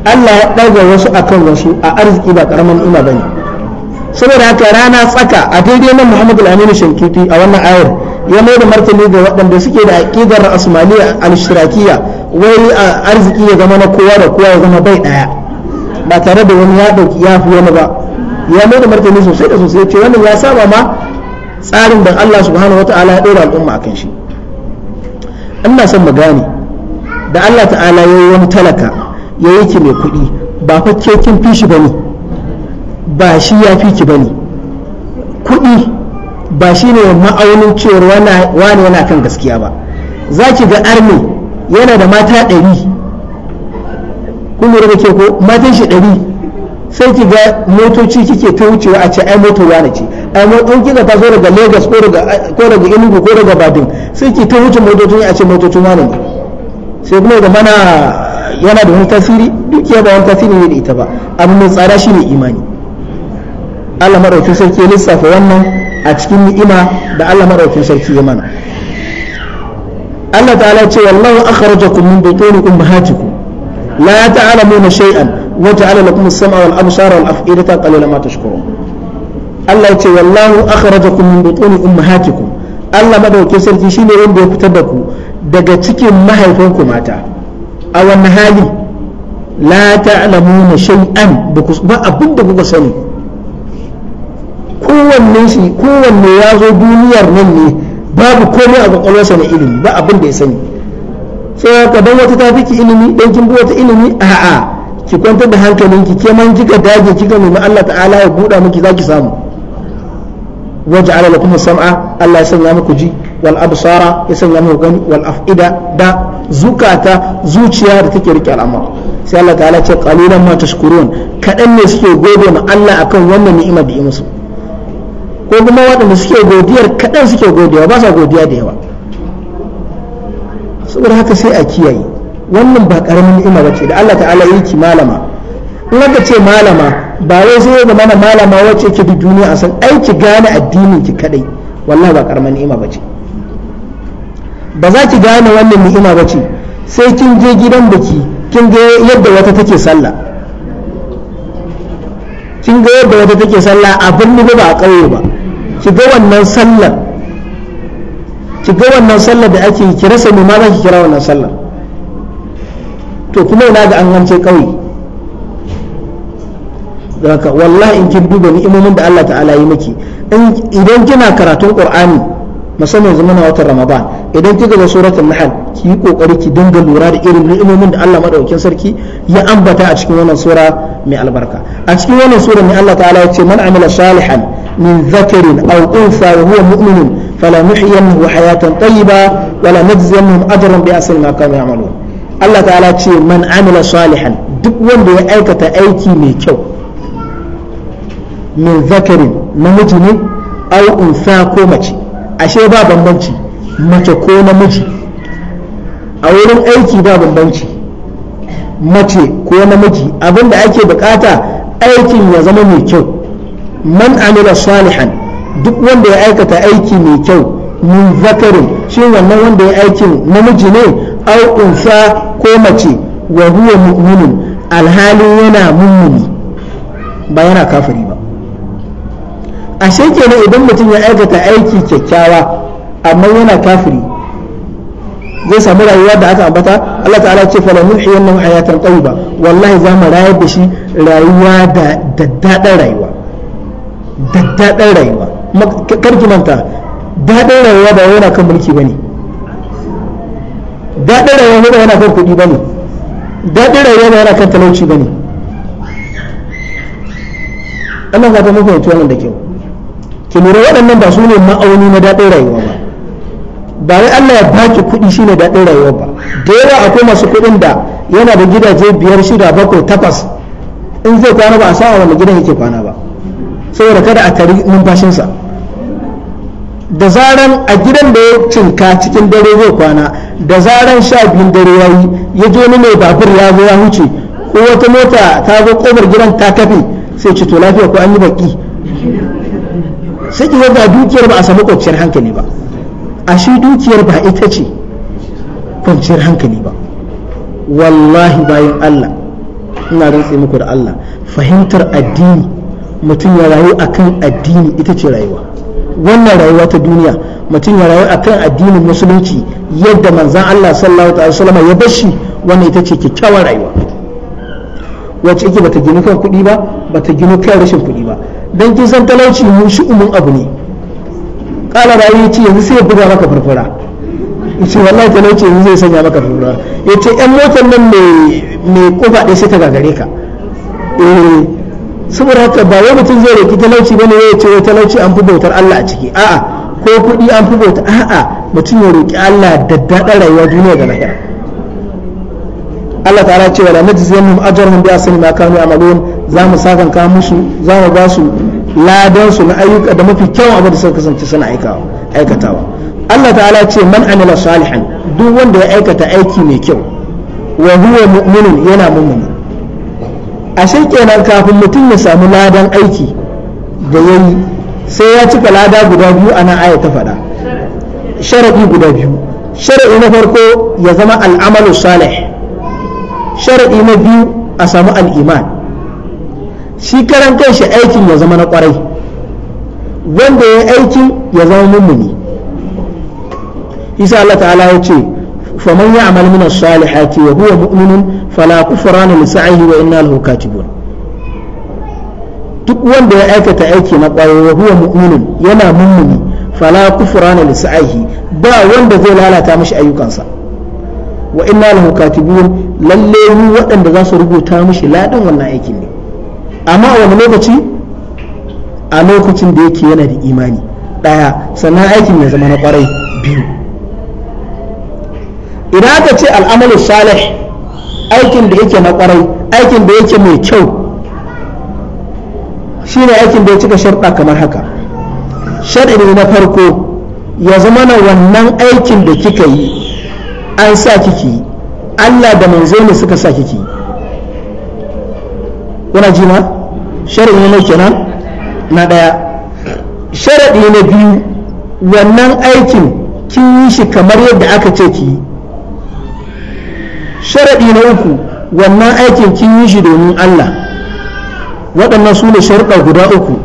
Allah ya ɗaga wasu akan wasu a arziki ba karaman ima bane saboda haka rana tsaka a daidai nan Muhammadu Aminu Shankiti a wannan ayar ya mai da martani ga waɗanda suke da aƙidar asmaliya al-shirakiyya wai arziki ya zama na kowa da kowa ya zama bai ɗaya ba tare da wani ya ɗauki ya fi wani ba ya mai da martani sosai da sosai ce wannan ya saba ma tsarin da Allah subhanahu wataala ya ɗora al'umma akan shi Allah son mu gane da Allah ta'ala ya yi wani talaka ya yi ki mai kuɗi ba fa ke kin fi shi bane ba shi ya fi ki bane kuɗi ba shi ne ma'aunin cewar wani yana kan gaskiya ba za ki ga arme yana da mata ɗari kun da ke ko matan shi ɗari sai ki ga motoci kike ta wucewa a ce ai moto wani ce ai motar kika ta zo daga Lagos ko daga ko daga Enugu ko daga Badin sai ki ta wuce motocin a ce motocin wane ne sai kuma da mana yana da wani tasiri dukiya ba wani tasiri ne da ita ba abu tsara shi ne imani Allah madaukakin sarki ya lissafa wannan a cikin ni'ima da Allah madaukakin sarki ya mana Allah ta'ala ce wallahu akhrajakum min butuni ummahatikum la ta'lamuna shay'an وجعل لكم السمع والأبصار والأفئدة قليلا ما تشكرون الله يقول والله أخرجكم من بطون أمهاتكم الله مدعو ya تشيني da ku. daga cikin mahaifinku mata a wani hali la ta'lamuna shay'an ba abin da kuka sani kowanne shi kowanne ya zo duniyar nan ne babu komai a kwakwalwarsa na ilimi ba abin da ya sani sai ka dan wata ta fiki ilimi dan kin wata ilimi a'a ki kwantar da hankalin ki ke man kika dage kika nemi Allah ta'ala ya buɗa miki zaki samu waje ala lakum sam'a Allah ya sanya muku ji wal absara ya sanya muku gani wal afida da zukata zuciya da take rike al'amur sai Allah ta'ala ce qalilan ma tashkurun kadan ne suke gode ma Allah akan wannan ni'ima da yi musu ko kuma waɗanda suke godiyar kadan suke godiya ba sa godiya da yawa saboda haka sai a kiyaye wannan ba karamin ni'ima bace da Allah ta'ala yi ki malama in aka ce malama ba wai sai ga mana malama wacce ke duniya a san aiki gane addinin ki kadai wallahi ba karamin ni'ima bace ba za ki gane wannan ni'ima bace sai kin je gidan biki kin ga yadda wata take sallah kin ga yadda wata take sallah a birni ba a ƙauye ba ki ga wannan sallar ki ga wannan sallar da ake yi ki rasa ma za ki kira wannan sallar to kuma ina ga an hance kawai? daga wallahi in kin duba ni'imomin da Allah ta'ala yi miki idan kina karatun qur'ani musamman zamanin watan ramadan idan kika ga suratul nahl ki yi kokari ki dinga lura da irin ni'imomin da Allah madaukakin sarki ya ambata a cikin wannan sura mai albarka a cikin wannan sura ne Allah ta'ala ya ce man amila salihan min dhakarin aw unsa wa huwa mu'minun fala nuhyiyannahu hayatan tayyiba wala najziyannahu ajran bi asli ma kanu ya'malun Allah ta'ala ce man amila salihan duk wanda ya aikata aiki mai kyau min zakarin namiji ne au unsa ko mace ashe ba bambanci mace ko namiji a wurin aiki ba bambanci mace ko namiji abinda ake bukata aikin ya zama mai kyau man amila salihan duk wanda ya aikata aiki mai kyau min zakarin shi wannan wanda ya aikin namiji ne aw unsa ko mace wa huwa mu'minun alhali yana mummuni ba yana kafiri ba ashe kenan idan mutum ya aikata aiki kyakkyawa amma yana kafiri zai samu rayuwa da aka ambata Allah ta'ala ce fa lamun nan hayatan tayyiba wallahi za mu rayar da shi rayuwa da daddadan rayuwa daddadan rayuwa kar ki manta dadin rayuwa ba yana kan mulki bane daɗin rayuwa ba yana kan kuɗi ba ne daɗin rayuwa ba yana kan talauci ba ne Allah ka ta mu fahimci da kyau ki lura waɗannan ba su ne ma'auni na daɗin rayuwa ba ba wai Allah ya baki kuɗi shine daɗin rayuwa ba da yawa akwai masu kuɗin da yana da gidaje biyar shida bakwai takwas in zai kwana ba a sa'a wanda gidan yake kwana ba saboda kada a tari numfashinsa da zaran a gidan da ya cinka cikin dare zai kwana da zaran sha biyun dare ya yi ya je wani mai babur ya zo ya huce ko wata mota ta zo kofar gidan ta kafe sai ce to lafiya ko an yi baki sai ki ga dukiyar ba a samu kwanciyar hankali ba a shi dukiyar ba ita ce kwanciyar hankali ba wallahi bayan Allah ina rantse muku da Allah fahimtar addini mutum ya rayu akan addini ita ce rayuwa wannan rayuwa ta duniya mutum ya rayu akan addinin musulunci yadda manzan Allah sallallahu alaihi wasallam ya bashi wannan ita ce kyakkyawar rayuwa wacce yake bata ginu kan kuɗi ba bata ginu kan rashin kuɗi ba dan kin san talauci mu shi umun abu ne kala rayu ce yanzu sai ya buga maka farfara yace wallahi talauci yanzu zai sanya maka farfara yace yan motar nan mai mai kofa ɗaya sai ta gagare ka eh saboda haka ba wai mutum zai roki talauci bane ya ce wai talauci an fi bautar Allah a ciki a'a ko kuɗi an fi bauta a'a mutum ya roki Allah da daɗa rayuwa duniya da lahira Allah ta'ala ce wala najzihum ajrahum bi asli ma kanu amalun za mu sakan ka musu za mu ba su ladan su na ayyuka da mafi kyau abin da suka kasance suna aikawa aikatawa Allah ta'ala ce man amila salihan duk wanda ya aikata aiki mai kyau wa huwa mu'minun yana mu'minun ashe kenan kafin mutum ya samu ladan aiki da ya yi sai ya cika lada guda biyu a nan ayyata ta faɗa sharaɗi guda biyu sharaɗi na farko ya zama al'amalu salih sharaɗi na biyu a samu al'iman shi karan shi aikin ya zama na ƙwarai wanda ya aikin ya zama mummuni isa Allah ta'ala ya ce فمن يعمل من الصالحات وهو مؤمن فلا كفران لسعيه وإنا له كاتبون duk wanda ya aikata aiki na ƙwayo ya huwa mu'minin yana mummuni fala kufrana na ba wanda zai lalata mashi ayyukansa wa inna lahu katibun lalle mu waɗanda za su rubuta mishi ladan wannan aikin ne amma a wani lokaci a lokacin da yake yana da imani ɗaya sannan aikin ya zama na ƙwarai biyu idan aka ce al'amalu salih aikin da yake na kwarai aikin da yake mai kyau shine aikin da ya cika sharɗa kamar haka sharɗi na farko ya zama na wannan aikin da kika yi an sa kiki Allah da manzo ne suka sa kiki kuna ji ma sharɗi ne kenan na ɗaya sharɗi na biyu wannan aikin kin yi shi kamar yadda aka ce ki sharaɗi na uku wannan aikin kin yi shi domin Allah waɗannan su ne sharuɗa guda uku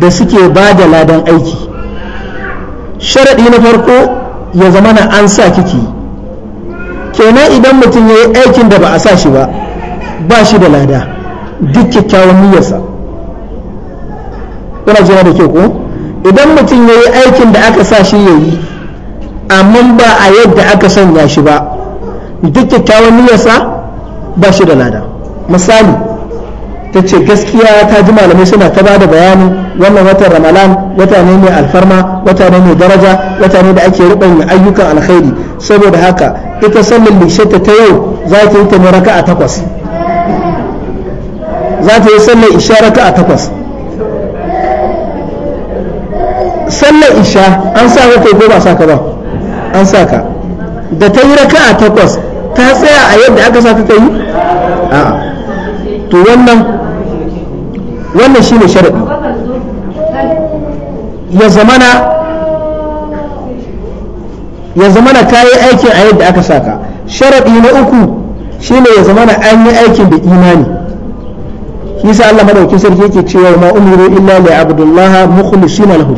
da suke ba da ladan aiki sharaɗi na farko ya zama na an sa kiki kenan idan mutum ya yi aikin da ba a sa shi ba ba shi da lada duk kyakkyawan niyyarsa kuna jira da kyau ko idan mutum ya yi aikin da aka sa shi ya yi amma ba a yadda aka sanya shi ba duk kyakkyawan niyyarsa ba shi da lada misali ta ce gaskiya ta ji malamai suna ta ba da bayani wannan watan ramalan wata ne mai alfarma wata ne mai daraja wata ne da ake ruɓanya ayyukan alkhairi saboda haka ita sallar lishata ta yau za ta yi ta ne raka a takwas za ta yi sallar isha raka a takwas sallar isha an sa ka ko ba sa ka ba an sa ka da ta yi raka a takwas ta tsaya a yadda aka sa ta yi a'a to wannan wannan shine sharadi ya zamana ya zamana ka yi aikin a yadda aka saka sharadi na uku shine ya zamana an yi aikin da imani shi sa Allah madaukakin sarki yake cewa ma umiru illa li abdullah mukhlisina lahu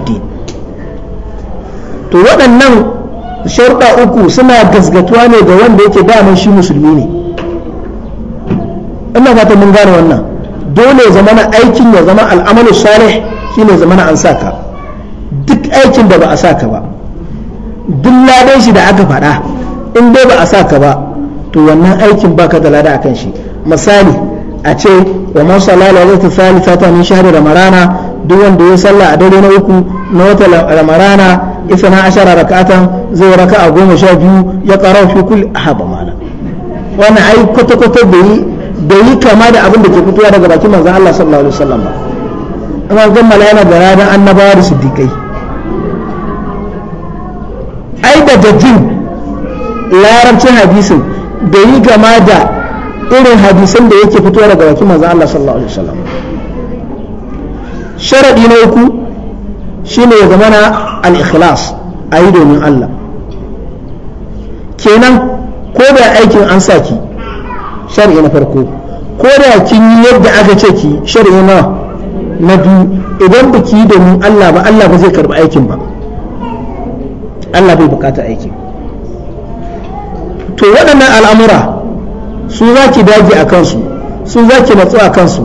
to waɗannan sharɗa uku suna gasgatuwa ne ga wanda yake daman shi musulmi ne ina fata mun gane wannan dole zamana aikin ya zama al'amalu salih shine zamana an saka duk aikin da ba a saka ba duk ladan shi da aka faɗa in dai ba a saka ba to wannan aikin baka da lada akan shi misali a ce wa man sallala zata salisa ta min shahri ramadana duk wanda ya sallah a dare na uku na wata ramarana isna ashara rak'atan zai raka a goma sha biyu ya qara'u fi kulli ahaba mana wannan ai kwata kwata da yi kama da abin da ke fitowa daga bakin manzon Allah sallallahu alaihi wasallam ba amma ga mala'ika da radan annabawa da siddiqai ai da jin larabcin hadisin da yi kama da irin hadisan da yake fitowa daga bakin manzon Allah sallallahu alaihi wasallam sharadi na uku ne ya zama na al'ikhlas a yi domin Allah kenan ko da aikin an sa ki shari'i na farko ko da kin yi yadda aka ce ki shari'i na na biyu idan ba ki domin Allah ba Allah ba zai karɓi aikin ba Allah bai bukata aiki. to waɗannan al'amura su za ki dage a kansu su za ki natsu a kansu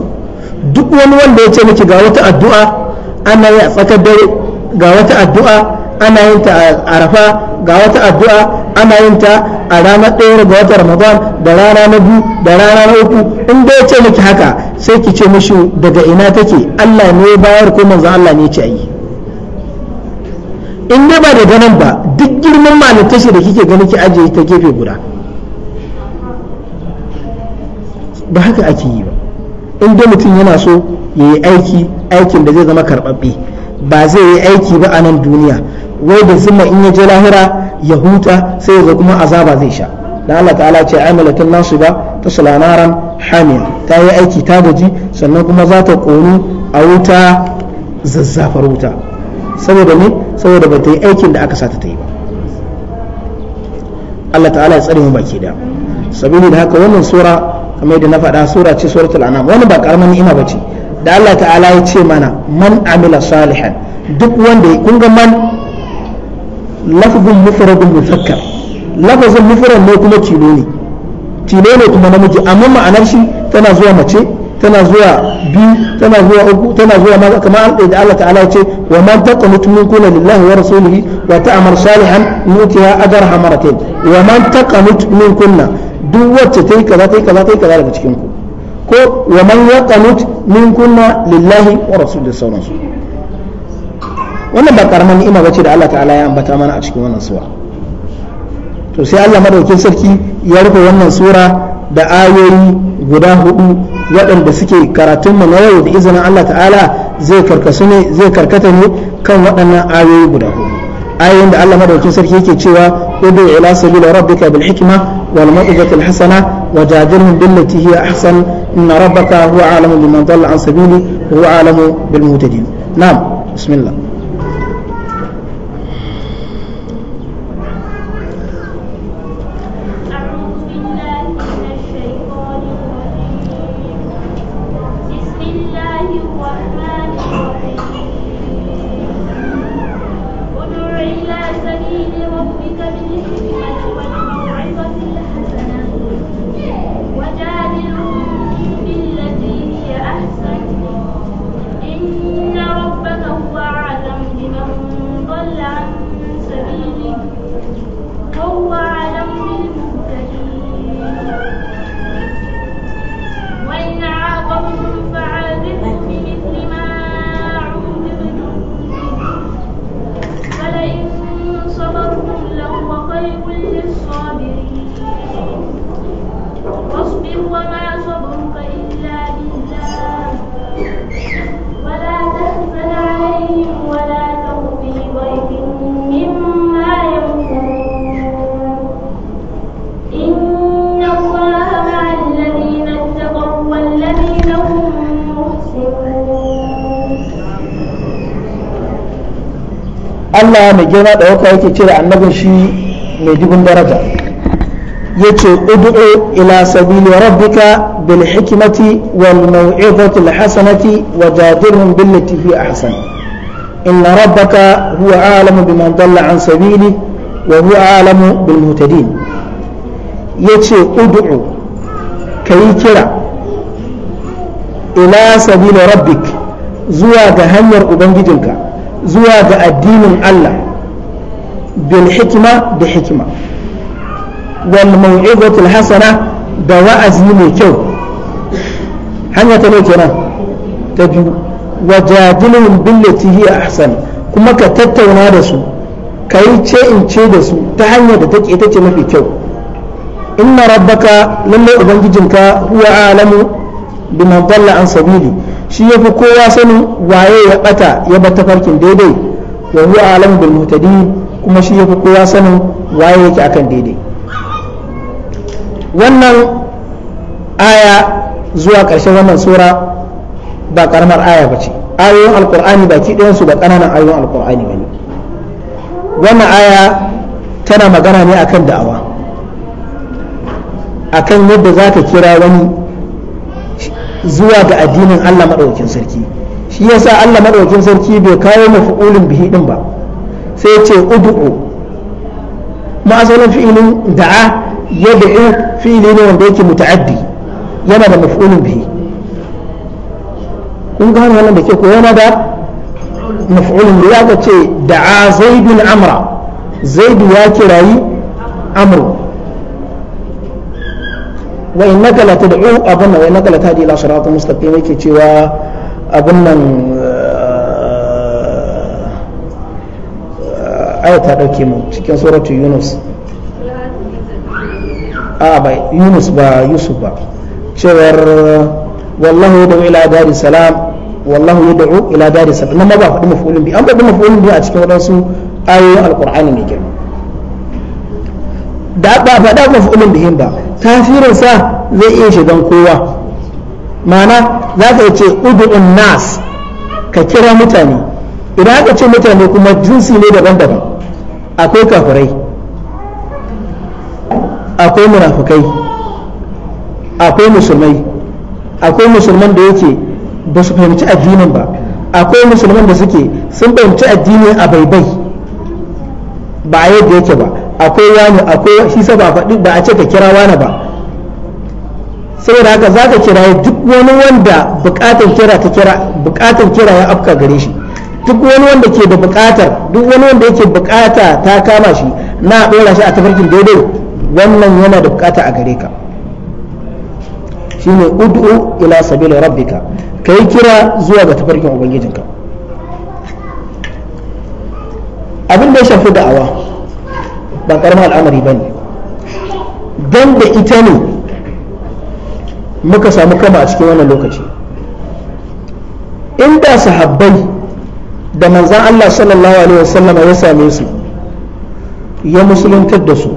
duk wani wanda ya ce miki ga wata addu'a ana yi a tsakar dare ga wata addu'a ana yin ta a arafa ga wata addu'a ana yin ta a ranar ɗaya ga wata ramadan da rana na biyu da rana na uku in dai ce miki haka sai ki ce mishi daga ina take Allah ne bayar ko manzo Allah ne ce ayi in dai ba daga nan ba duk girman malintashi da kike ganin ki ajiye ta gefe guda ba haka ake yi ba in dai mutum yana so ya yi aiki aikin da zai zama karɓaɓɓe ba zai yi aiki ba a nan duniya wai da zuma in ya je lahira ya huta sai ya zo kuma azaba zai sha da Allah ta'ala ce amilatun nasu ba ta sulanaran hamiya ta yi aiki ta gaji sannan kuma za ta ƙonu a wuta zazzafar wuta saboda ne saboda ba ta yi aikin da aka sa ta yi ba Allah ta'ala ya tsare mu baki da sabili da haka wannan sura kamar yadda na faɗa sura ce suratul anam wani ba karamin ni'ima bace da Allah ta'ala ya ce mana man amila salihan duk wanda kun ga man lafazin mufradun mufakkar lafazin mufrad ne kuma tilo ne tilo ne kuma namiji amma ma'anar shi tana zuwa mace tana zuwa biyu tana zuwa uku tana zuwa maza kamar an da Allah ta'ala ya ce wa man taqnutu minkuna lillahi wa rasulihi wa ta'mal salihan yutiha ajraha maratayn wa man taqnut minkunna duk wacce ta yi kaza ta yi kaza ta yi kaza daga cikin ku ko wa man yaqanut min kunna lillahi wa rasul da sauransu wannan ba karaman ni'ima bace da Allah ta'ala ya ambata mana a cikin wannan sura to sai Allah madaukakin sarki ya rufe wannan sura da ayoyi guda hudu waɗanda suke karatun mu na yau da izinin Allah ta'ala zai karkasu ne zai karkata ne kan waɗannan ayoyi guda hudu ayoyin da Allah madaukakin sarki yake cewa udu ila sabila rabbika bil hikma wal mau'izati al hasana وجادلهم بالتي هي أحسن إن ربك هو أعلم بمن ضل عن سبيله وهو أعلم بالمهتدين نعم بسم الله girma da waka yake cire annabin shi mai dubin daraja yace udu'u ila sabili rabbika bil hikmati wal maw'izati al hasanati wajadilhum billati hi ahsan inna rabbaka huwa a'lamu biman dalla an sabili wa huwa a'lamu bil muhtadin yace udu'u kai kira ila sabili rabbik zuwa ga hanyar ubangijinka zuwa ga addinin Allah bil hikima da hikima wal mau'izatul hasana da wa'azi ne kenan ta biyu kuma ka tattauna da su ce in ce ta hanyar da take kyau shi ya fi kowa sanin waye ya bata ya bata farkin daidai wa huwa alamu bil muhtadin kuma shi yafi kowa sanin waye yake akan daidai wannan aya zuwa ƙarshen wannan sura ba karamar aya ba ce ayoyin alkur'ani ki ɗayansu ba ƙananan ayoyin alkur'ani ba ne wannan aya tana magana ne akan da'awa akan yadda za ka kira wani zuwa ga addinin allah maɗaukin sarki shi yasa allah maɗaukin sarki bai kawo ulin bihi ɗin ba sai ce udu'u ma asalin fi'ilin da'a yad'u fi'ili ne wanda yake muta'addi yana da maf'ulun bihi kun gano wannan da ke ko yana da maf'ulun bihi ya ce da'a zaidun amra zaidu ya kirayi amru wa innaka la tad'u abunna wa innaka la tahdi ila mustaqim yake cewa abun aya ta dauke mu cikin suratu yunus a ba yunus ba yusuf ba cewar wallahu yad'u ila dari salam wallahu yad'u ila dari salam nan ba faɗi mafulun bi an faɗi mafulun bi a cikin waɗansu ayoyin Alƙur'ani ne girma da ba faɗa mafulun bihim ba tasirin sa zai iya shigan kowa ma'ana za ka ce ud'un nas ka kira mutane idan aka ce mutane kuma jinsi ne daban-daban akwai kafirai akwai munafukai akwai musulmai akwai musulman da yake ba su fahimci addinin ba akwai musulman da suke sun fahimci addinin a baibai ba a yadda yake ba akwai wani akwai shi sa ba faɗi ba a ce ka kira wani ba saboda haka za ka kira duk wani wanda bukatar kira ta kira bukatar kira ya afka gare shi duk wani wanda ke da bukatar duk wani wanda yake bukata ta kama shi na ɗora shi a tafarkin daidai wannan yana da bukata a gare ka shine ud'u ila sabila rabbika kai kira zuwa ga tafarkin ubangijinka abin da ya shafi da'awa ba karamar al'amari ba ne don da ita ne muka samu kama a cikin wannan lokaci inda sahabbai da manzan Allah sallallahu alaihi wasallam ya same su ya musuluntar da su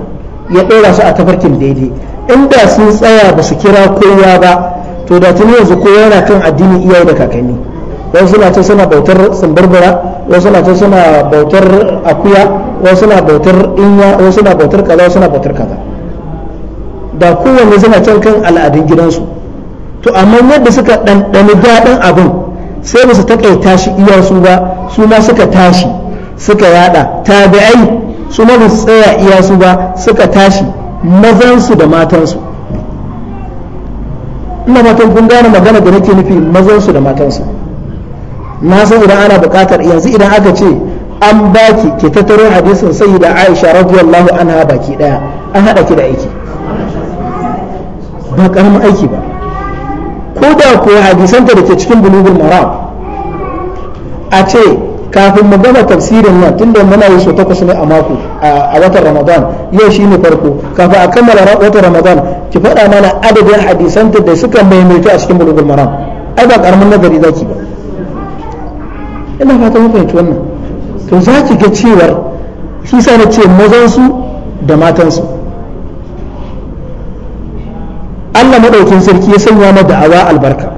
ya ɗora su a tafarkin daidai inda sun tsaya ba su kira kowa ba to da tuni yanzu kowa yana kan addini iyaye da kakanni wasu suna ta suna bautar sambarbara wasu suna ta suna bautar akuya wasu suna bautar inya wasu suna bautar kaza wasu suna bautar kaza da kowanne suna can kan al'adun gidansu to amma yadda suka ɗanɗani daɗin abin sai ba su takaita shi iya ba su ma suka tashi suka yada tabi'ai su ma ba su tsaya ba suka tashi mazansu da matansu ina fatan kun gane magana da nake nufi mazansu da matansu na san idan ana buƙatar yanzu idan aka ce an baki ki tattaro hadisin sayyida Aisha radiyallahu anha baki daya an hada ki da aiki ba karamin aiki ba ko da ko hadisanta da ke cikin bulugul maram a ce kafin mu gama tafsirin nan tunda muna yi so takwas ne a mako a watan ramadan yau shi ne farko kafin a kammala watan ramadan ki faɗa mana adadin hadisanta da suka maimaitu a cikin bulugul maram ai ba karamin nazari ki ba ina fata mun fahimci wannan to za ki ga cewar shi sa na ce mazansu da matansu Allah maɗaukin sarki ya sanya ma da'awa albarka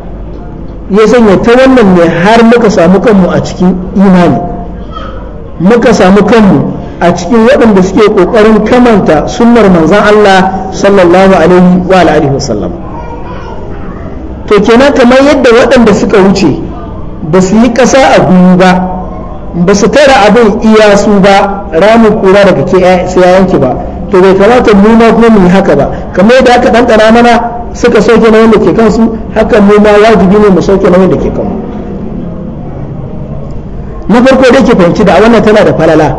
ya sanya ta wannan ne har muka samu kanmu a cikin imani muka samu kanmu a cikin waɗanda suke ƙoƙarin kamanta sunnar manzan Allah sallallahu alaihi wa alihi wasallam to kenan kamar yadda waɗanda suka wuce ba su yi ƙasa a guyu ba ba su tara abin iya su ba ramin kura daga ke ya yanke ba to bai kamata mu ma kuma mu yi haka ba kamar yadda aka ɗanɗana mana suka sauke na wanda ke kansu haka mu ma wajibi ne mu sauke na wanda ke kanmu na farko da ke fahimci da wannan tana da falala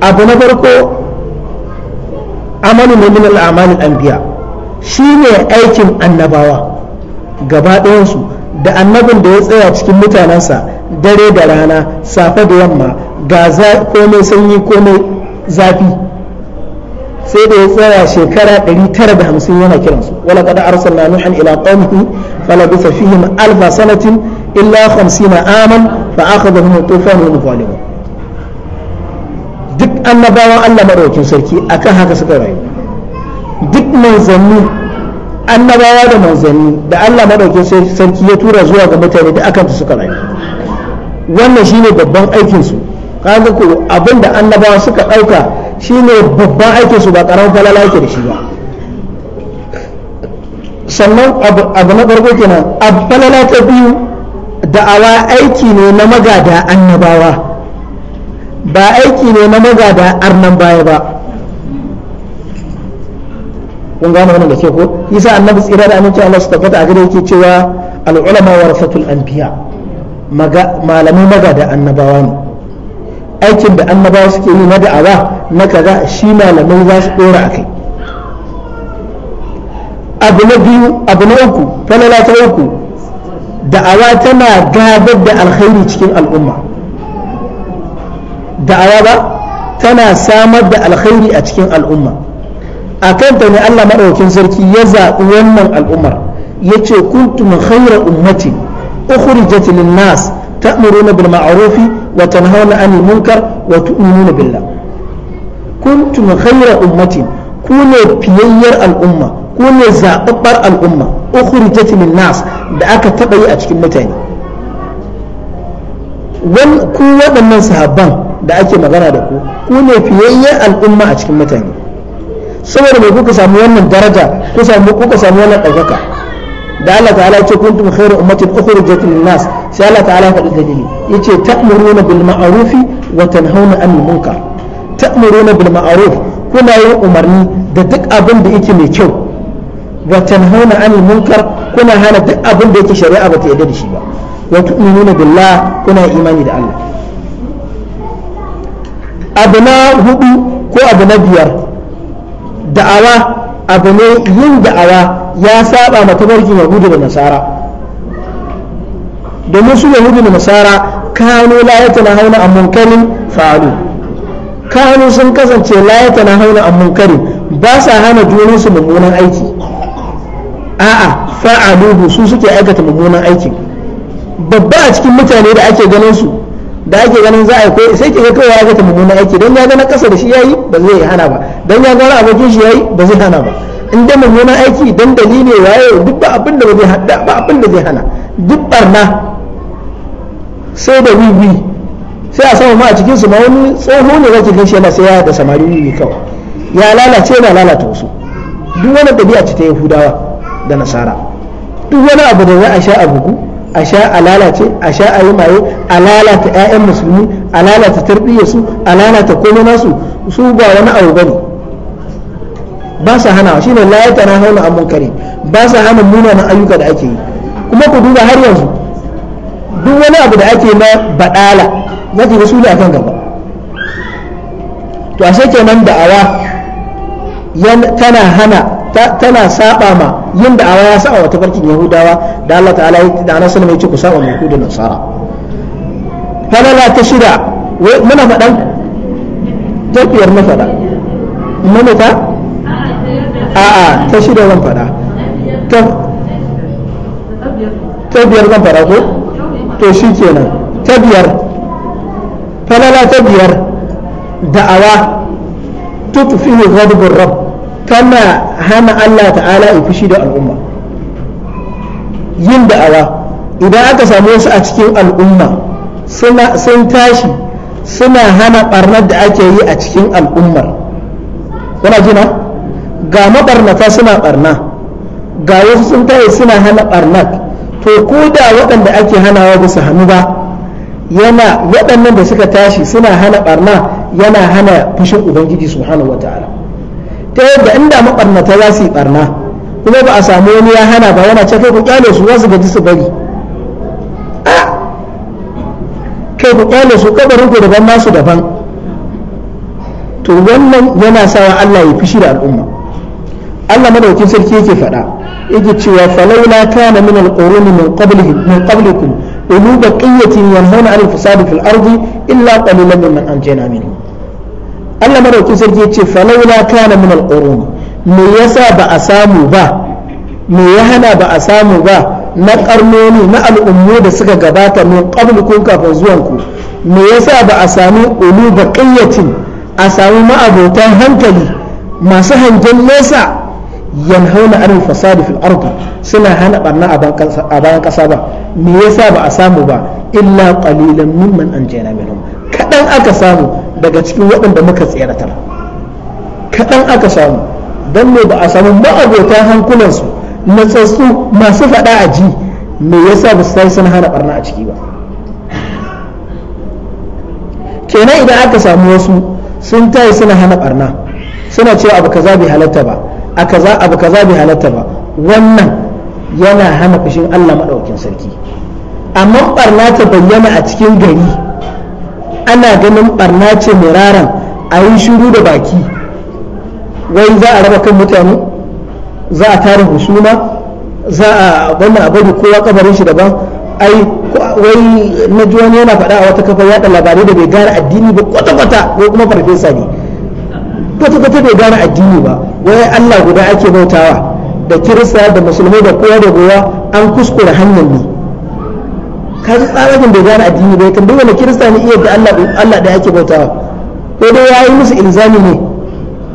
abu na farko amalu ne min al'amalin anbiya shi ne aikin annabawa gaba ɗayansu da annabin da ya tsaya cikin mutanensa dare da rana safe da yamma ga komai sanyi komai zafi sai da ya tsaya shekara 950 yana kiransu wala kada arsalna nuhan ila qaumihi fala bisa fihim alfa sanatin illa 50 aman fa akhadhahum tufan wa mufalimu duk annabawa Allah madaukin sarki akan haka suka rayu duk manzanni annabawa da manzanni da Allah madaukin sarki ya tura zuwa ga mutane da akan suka rayu wannan shine babban aikin su kaga ko abinda annabawa suka dauka shi ne babban aikin su ba karamin falala yake da shi ba sannan abu na farko kenan abu falala ta biyu da'awa aiki ne na magada annabawa ba aiki ne na magada arnan baya ba kun gane wannan da ke ko isa annabi tsira da aminci Allah su tabbata a gare yake cewa al-ulama warasatul anbiya malamai magada annabawa ne aikin da annaba suke yi na da'awa na kaza shi malamai za su dora a kai abu na biyu abu na uku falala ta uku da'awa tana gabar da alkhairi cikin al'umma da'awa ba tana samar da alkhairi a cikin al'umma a kanta ne Allah maɗaukin sarki ya zaɓi wannan al'ummar ya ce kuntum khaira ummati ukhrijat lin nas تأمرون بالمعروف وتنهون عن المنكر وتؤمنون بالله كنتم خير أمة كون بيير الأمة كون زابر الأمة أخرجت للناس دعك تبعي أتك متاني wal ku waɗannan sahabban da ake magana da ku ku ne fiyayyen al'umma a cikin mutane saboda mai kuka samu wannan daraja ku samu kuka samu wannan ɗaukaka da Allah ta'ala ce kuntum khairu ummatin ukhrijat lin nas sai Allah ta'ala faɗi dalili yace ta'muruna bil ma'ruf wa tanhauna 'anil munkar ta'muruna bil ma'ruf kuna yin umarni da duk abin da yake mai kyau wa tanhauna 'anil munkar kuna hana duk abin da yake shari'a ba ta yarda da shi ba wa tu'minuna billah kuna imani da Allah abu na hudu ko abu na biyar da'awa abu ne yin da'awa ya saba ma tabarkin yahudu da nasara domin su yahudu da nasara kanu la na hauna an munkarin fa'alu kanu sun kasance la na hauna an munkarin ba sa hana junan su mummunan aiki a'a fa'aluhu su suke aikata mummunan aikin babba a cikin mutane da ake ganin su da ake ganin za a yi koyi sai kiga kawai ya aikata mummunan aiki don ya gana kasa da shi yayi ba zai hana ba don ya ga abokin shi yayi ba zai hana ba in dai mummunan aiki dandali ne waye duk ba abin da zai hada ba abin da zai hana duk barna sai da wiwi sai a samu ma a cikin su ma wani tsoho ne zai gashi yana sai ya da samari wiwi kawai ya lalace na lalata wasu duk wani dabi'a ce ta yahudawa da nasara duk wani abu da za a sha a bugu a sha a lalace a sha a yi maye a lalata 'ya'yan musulmi a lalata tarbiyyarsu a lalata komai nasu su ba wani abu bane ba sa hana shi ne la na hau hauna an munkari ba sa hana na ayyuka da ake yi kuma ku duba har yanzu duk wani abu da ake na baɗala na ke rasu da akan gaba to a sai kenan da'awa tana hana tana saba ma yin da'awa ya saba wa tafarkin yahudawa da Allah ta'ala ya da nasu mai ci ku saba mai kudin nasara falala ta shida muna faɗan tafiyar na faɗa mana ta a'a ta shida zan fada ta biyar zan fada ko to shi kenan ta biyar falala ta biyar da'awa tutfihu ghadabur rabb kana hana Allah ta'ala ya fushi da al'umma yin da'awa idan aka samu wasu a cikin al'umma sun tashi suna hana barnar da ake yi a cikin al'ummar kuna jina ga mabarnata suna barna ga wasu sun taye suna hana barna to ko da waɗanda ake hanawa ba su hannu ba yana waɗannan da suka tashi suna hana barna yana hana fushin ubangiji subhanahu wataala ta yadda inda mabarnata za su yi barna kuma ba a samu wani ya hana ba yana cewa ku kyale su wasu gaji su bari kai ku kyale su kabarin ku daban nasu daban to wannan yana sawa Allah ya fushi da al'umma Allah madaukin sarki yake faɗa yake cewa falaula kana min alquruni min qablihim min qablikum ulu baqiyatin yanhuna 'anil fasadi fil ardi illa qalilan mimman anjayna minhum Allah madaukin sarki yace falaula kana min alquruni me yasa ba a samu ba me ya hana ba a samu ba na karnoni na al'ummu da suka gabata min qablikum kafin zuwanku me yasa ba a sami ulu baqiyatin a samu ma'abotan hankali masu hangen nesa yanhauna anil fasadi fil ardi suna hana barna a bayan kasa ba me yasa ba a samu ba illa qalilan mimman anjayna minhum kadan aka samu daga cikin waɗanda muka tseratar kadan aka samu dan me ba a samu ma'abota su na tsatsu masu faɗa a ji me yasa ba su sun hana barna a ciki ba kenan idan aka samu wasu sun tayi suna hana barna suna cewa abu kaza bai halatta ba a kaza abu kaza bai halatta ba wannan yana hana fushin Allah maɗaukin sarki amma barna ta bayyana a cikin gari ana ganin barna ce miraran a yi shuru da baki wai za a raba kan mutane za a tara husuma za a wannan abu da kowa kabarin shi daban ai wai na ji wani yana faɗa a wata kafa yaɗa labarai da bai gane addini ba kwata-kwata ko kuma farfesa ne kwata-kwata bai gane addini ba wai Allah guda ake bautawa da kirista da musulmai da kowa da gowa an kuskure hanyar ne ka ji tsarin da gane addini bai kan dole kirista ne iya da Allah Allah da ake bautawa ko dai yayi musu ilzami ne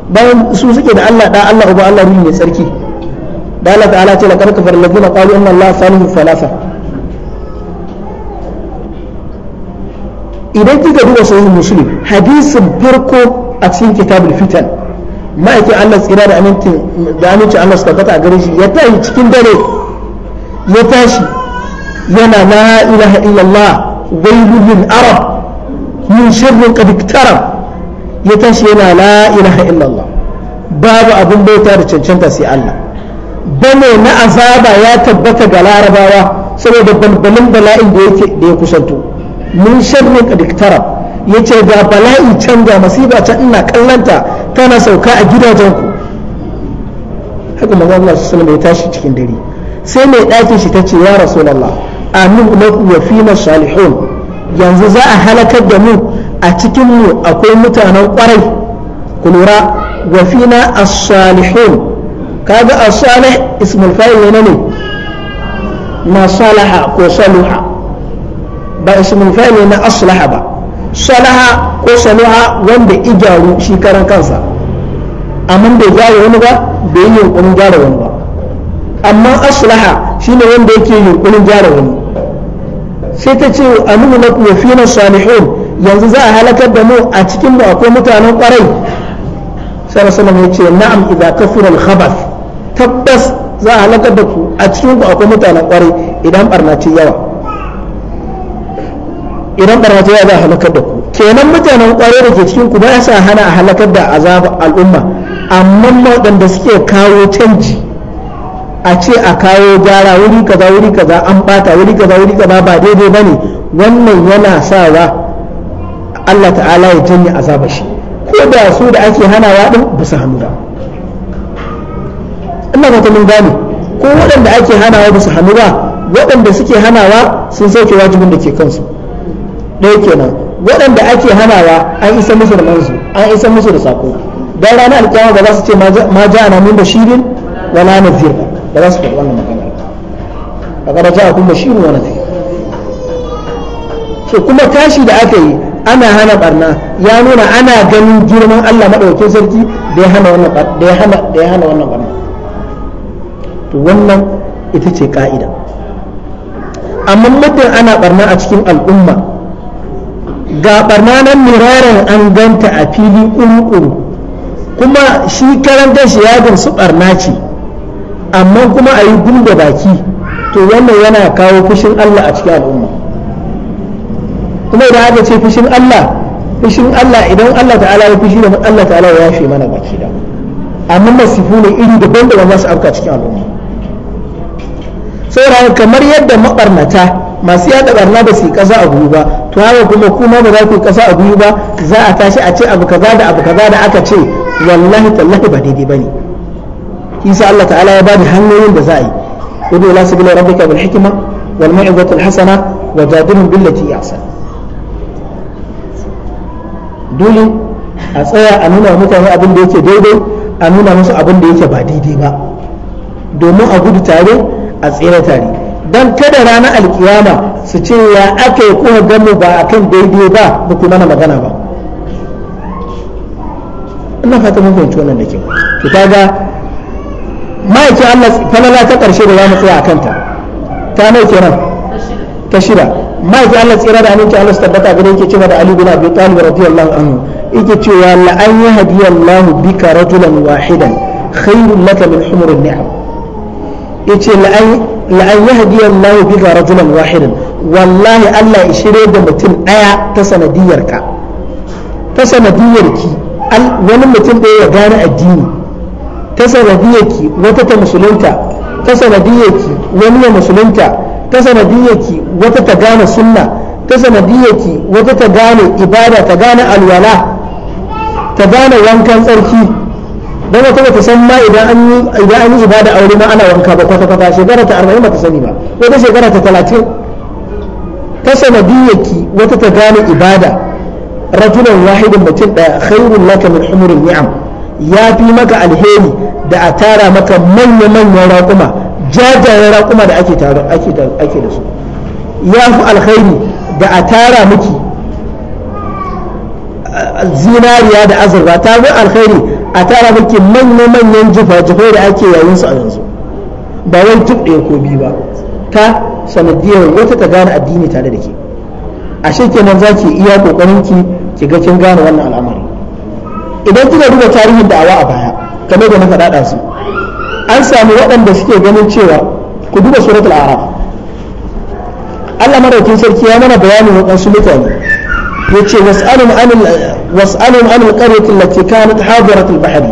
bayan su suke da Allah da Allah uba Allah ruhi mai tsarki da Allah ta'ala ce la karkafar ladina qalu inna Allah salihu falafa idan kika duba sahih muslim hadisin farko a cikin kitabul fitan ma'aikin Allah tsira da amincin da amincin Allah su tabbata a gare shi ya tashi cikin dare ya tashi yana la ilaha illallah wailul arab min sharrin qad iktarab ya tashi yana la ilaha illallah babu abin bauta da cancanta sai Allah bane na azaba ya tabbata ga larabawa saboda balbalin bala'in da yake da ya kusanto min sharrin qad iktarab yace ga bala'i canza masiba can ina kallanta tana sauka a gidajen ku haka manzo Allah sallallahu ya tashi cikin dare sai mai ɗakin shi tace ya rasulullah amin lakum wa fina salihun yanzu za a halakar da mu a cikin mu akwai mutanen ƙwarai ku lura wa fina as-salihun kaga as-salih ismul fa'il ne ne ma salaha ko saluha ba ismul fa'il na aslaha ba salaha ko salaha wanda igyaru shi karan kansa amma bai gyara wani ba bai yi yunkurin gyara wani ba amma aslaha shine wanda yake yunkurin gyara wani sai ta ce aminu na kuwa fina salihun yanzu za a halakar da mu a cikin mu akwai mutanen kwarai sarasalam ya ce na'am idan ka fi khabath tabbas za a halakar da ku a cikin ku akwai mutanen kwarai idan barna ce yawa idan barna ta za a halakar da ku kenan mutanen kwarai da ke cikin ku ba sa hana a halakar da azab al'umma amma waɗanda suke kawo canji a ce a kawo gyara wuri kaza wuri kaza an bata wuri kaza wuri kaza ba daidai ba ne. wannan yana sa wa Allah ta'ala ya janye azaba shi ko da su da ake hanawa din ba su hannu ba ina ba ta mun gane ko waɗanda ake hanawa ba su hannu ba waɗanda suke hanawa sun sauke wajibin da ke kansu ɗaya kenan waɗanda ake hanawa an isa musu da manzo an isa musu da sako don ranar alkiyama ba za su ce ma ja ja'ana min bashirin wala nadhir ba za su faɗi wannan magana ba kada ja'akum shirin wani nadhir to kuma tashi da aka yi ana hana barna ya nuna ana ganin girman Allah madaukakin sarki da ya hana wannan da ya hana da ya hana wannan barna to wannan ita ce ka'ida amma muddin ana barna a cikin al'umma ga barnanan miraran an ganta a fili ƙuru kuma shi karantar shi ya su barna ce amma kuma a yi gum da baki to wannan yana kawo fushin Allah a cikin al'umma kuma idan aka ce fushin Allah fushin Allah idan Allah ta'ala ya fushi da Allah ta'ala ya yafe mana baki da amma masifu ne iri daban daban za su afka cikin al'umma saboda kamar yadda mabarnata masu yada barna da su kaza a ba to kuma kuma ba za ku kasa a biyu ba za a tashi a ce abu kaza da abu kaza da aka ce wallahi tallahi ba daidai ba bane isa Allah ta'ala ya bada hanyoyin da za a yi udu ila sabila rabbika bil hikma wal mau'izatil hasana wa jadilhum billati ahsan dole a tsaya a nuna mutane abin da yake daidai a nuna musu abin da yake ba daidai ba domin a gudu tare a tsere tare dan kada rana alkiyama su ce ya ake kuma ganmu ba a kan daidai ba ba kuma na magana ba ina fata mun fahimci wannan da kyau ta ga ma'aikin Allah falala ta karshe da zamu tsaya a kanta ta nau kenan ta shida ma'aikin Allah tsira da aminci Allah su tabbata gare yake cewa da Ali bin Abi Talib radiyallahu anhu yake cewa la an yahdiyallahu bika rajulan wahidan khairul laka min humurin ni'am yace la an la an yahdiyallahu bika rajulan wahidan wallahi Allah ya shirye da mutum ɗaya ta sanadiyar ta sanadiyar wani mutum ɗaya ya gane addini ta sanadiyar wata ta musulunta ta sanadiyar wani ya musulunta ta sanadiyar wata ta gane sunna ta sanadiyar wata ta gane ibada ta gane alwala ta gane wankan tsarki don wata bata san ma idan an yi idan an yi ibada aure ma ana wanka ba kwata kwata shekara ta arba'in ba ta sani ba wata shekara ta talatin. ta sanadiyyaki wata ta gane ibada rajulan wahidin mutum daya khairun laka min humurin ni'am ya fi maka alheri da a tara maka manya-manyan raƙuma jajayen raƙuma da ake da su ya fi alheri da a tara miki zinariya da azurfa ta fi alheri a tara miki manya-manyan jifa-jifai da ake yayin su a yanzu ba wani tuk ko biyu ba ta sanadiyar wata ta gane addini tare da ke ashe kenan za ki iya kokarin ki ki ga kin gane wannan al'amari idan kika duba tarihin da'awa a baya kamar da na faɗa ɗazu an sami waɗanda suke ganin cewa ku duba suratul araf Allah madaukin sarki ya mana bayanin waɗansu mutane ya ce was'alum anil qaryati allati kanat hadirat al-bahri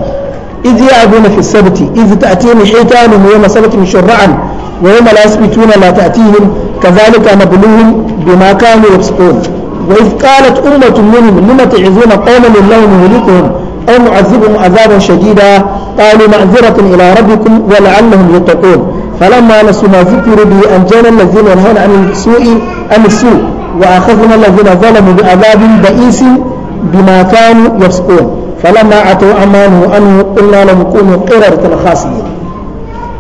idh ya'buna fi as-sabti idh ta'tihim hitanuhum yawma sabtihim shur'an ويوم لا يسبتون ما تأتيهم كذلك نبلوهم بما كانوا يفسقون وإذ قالت أمة منهم لم تعظون قوما الله مهلكهم أو معذبهم عذابا شديدا قالوا معذرة إلى ربكم ولعلهم يتقون فلما نسوا ما ذكروا به أنجينا الذين ينهون عن السوء عن السوء وأخذنا الذين ظلموا بعذاب بئيس بما كانوا يفسقون فلما عتوا أمانه أنه قلنا لهم كونوا قررة خاسرين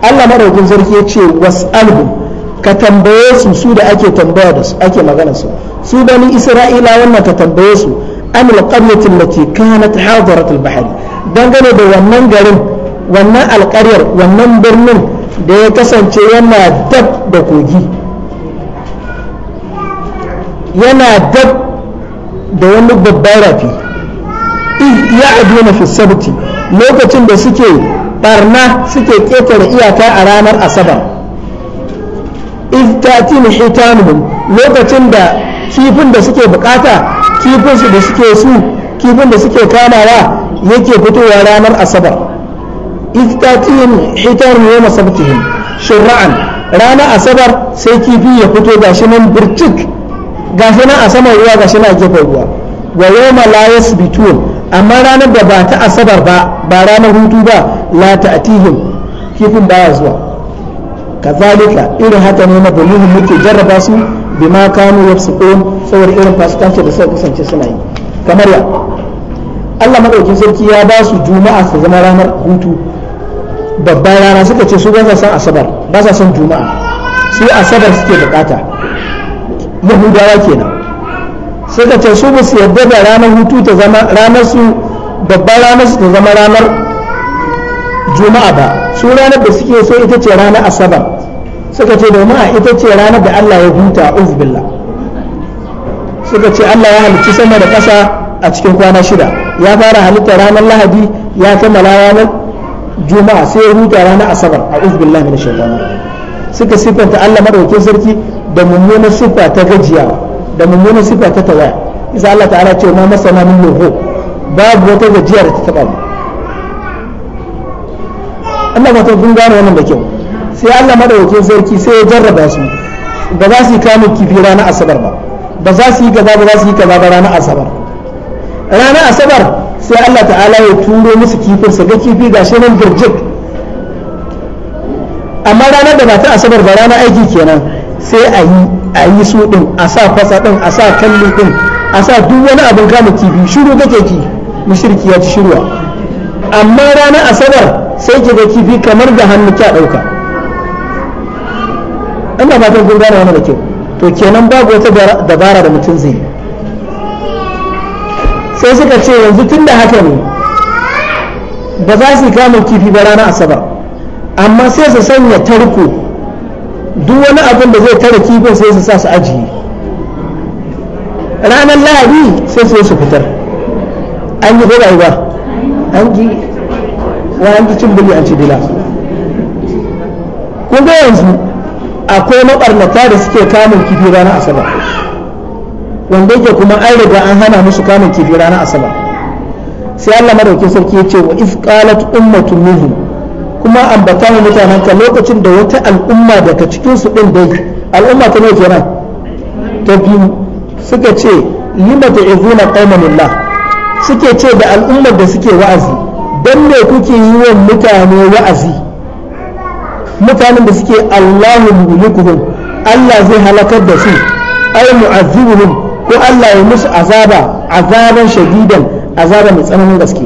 Allah madaukin sarki ya ce was'alhum ka tambaye su su da ake tambaya da su ake magana su su bani isra'ila wannan ka tambaye su amil qaryati allati kanat hadirat al dangane da wannan garin wannan alƙaryar wannan birnin da ya kasance yana dab da kogi yana dab da wani babban rafi ya aduna fi sabti lokacin da suke barna suke ƙetare iyaka a ranar asabar iztatin hitanuhum lokacin da kifin da suke bukata kifin su da suke su kifin da suke kamawa yake fitowa ranar asabar iztatin hitanuhum yawma sabtihim shur'an ranar asabar sai kifi ya fito gashi nan birtik gashi nan a saman ruwa gashi nan a gefen ruwa wa yawma la yasbitun amma ranar da ba ta asabar ba ba ranar hutu ba la ta'tihim kifin baya zuwa kazalika irin haka ne na bulihun muke jarraba su bima kanu yafsukun saboda irin fasikanci da suka kasance suna yi kamar ya Allah madaukin sarki ya ba su juma'a su zama ranar hutu babban rana suka ce su ba sa son asabar ba sa son juma'a su asabar suke bukata yahudawa kenan suka ce su ba su yarda da ranar hutu ta zama ranar su babban ranar su ta zama ranar juma'a ba su ranar da suke so ita ce ranar asabar suka ce domin a ita ce ranar da Allah ya huta uzbillah suka ce Allah ya halicci sama da ƙasa a cikin kwana shida ya fara halitta ranar lahadi ya kammala ranar juma'a sai ya huta ranar asabar a uzbillah mai shaitan suka siffanta Allah madaukin sarki da mummunar siffa ta gajiya da mummunar siffa ta tawaya isa Allah ta'ala ce ma masana min babu wata gajiyar da ta taba mu Allah ba ta kun gane wannan da kyau sai Allah madaukakin sarki sai ya jarraba su ba za su yi kamun kifi ranar asabar ba ba za su yi kaza ba za su yi kaza ba ranar asabar ranar asabar sai Allah ta'ala ya turo musu kifin su ga kifi shi nan girjik amma ranar da ba ta asabar ba ranar aiki kenan sai a yi a yi su din a sa fasa din a sa kalli din a sa duk wani abin kama kifi shiru kake ki mushriki ya ci shiruwa amma ranar asabar sai ki ga kifi kamar da hannu kya ɗauka ina ba ta gurgana wani da kyau to kenan babu wata dabara da mutum zai sai suka ce yanzu tun da haka ne ba za su kama kifi ba ranar asabar amma sai su sanya tarko duk wani abin da zai tara kifin sai su sa su ajiye ranar lahadi sai su su fitar an yi ba an ji wa cin bili an ci dila kun ga yanzu akwai mabarnata da suke kamun kifi ranar asabar wanda yake kuma an riga an hana musu kamun kifi ranar asabar sai Allah madaukin sarki ya ce wa iz qalat ummatun minhu kuma ambata mu mutanen ka lokacin da wata al'umma daga cikin su din dai al'umma ta ne kenan ta biyu suka ce lima izuna qaumanillah suke ce da al'ummar da suke wa'azi don me kuke yi wa mutane wa'azi mutanen da suke Allahu mulikuhum Allah zai halakar da su ay mu'azzibuhum ko Allah ya musu azaba azaban shadidan azaba mai tsananin gaske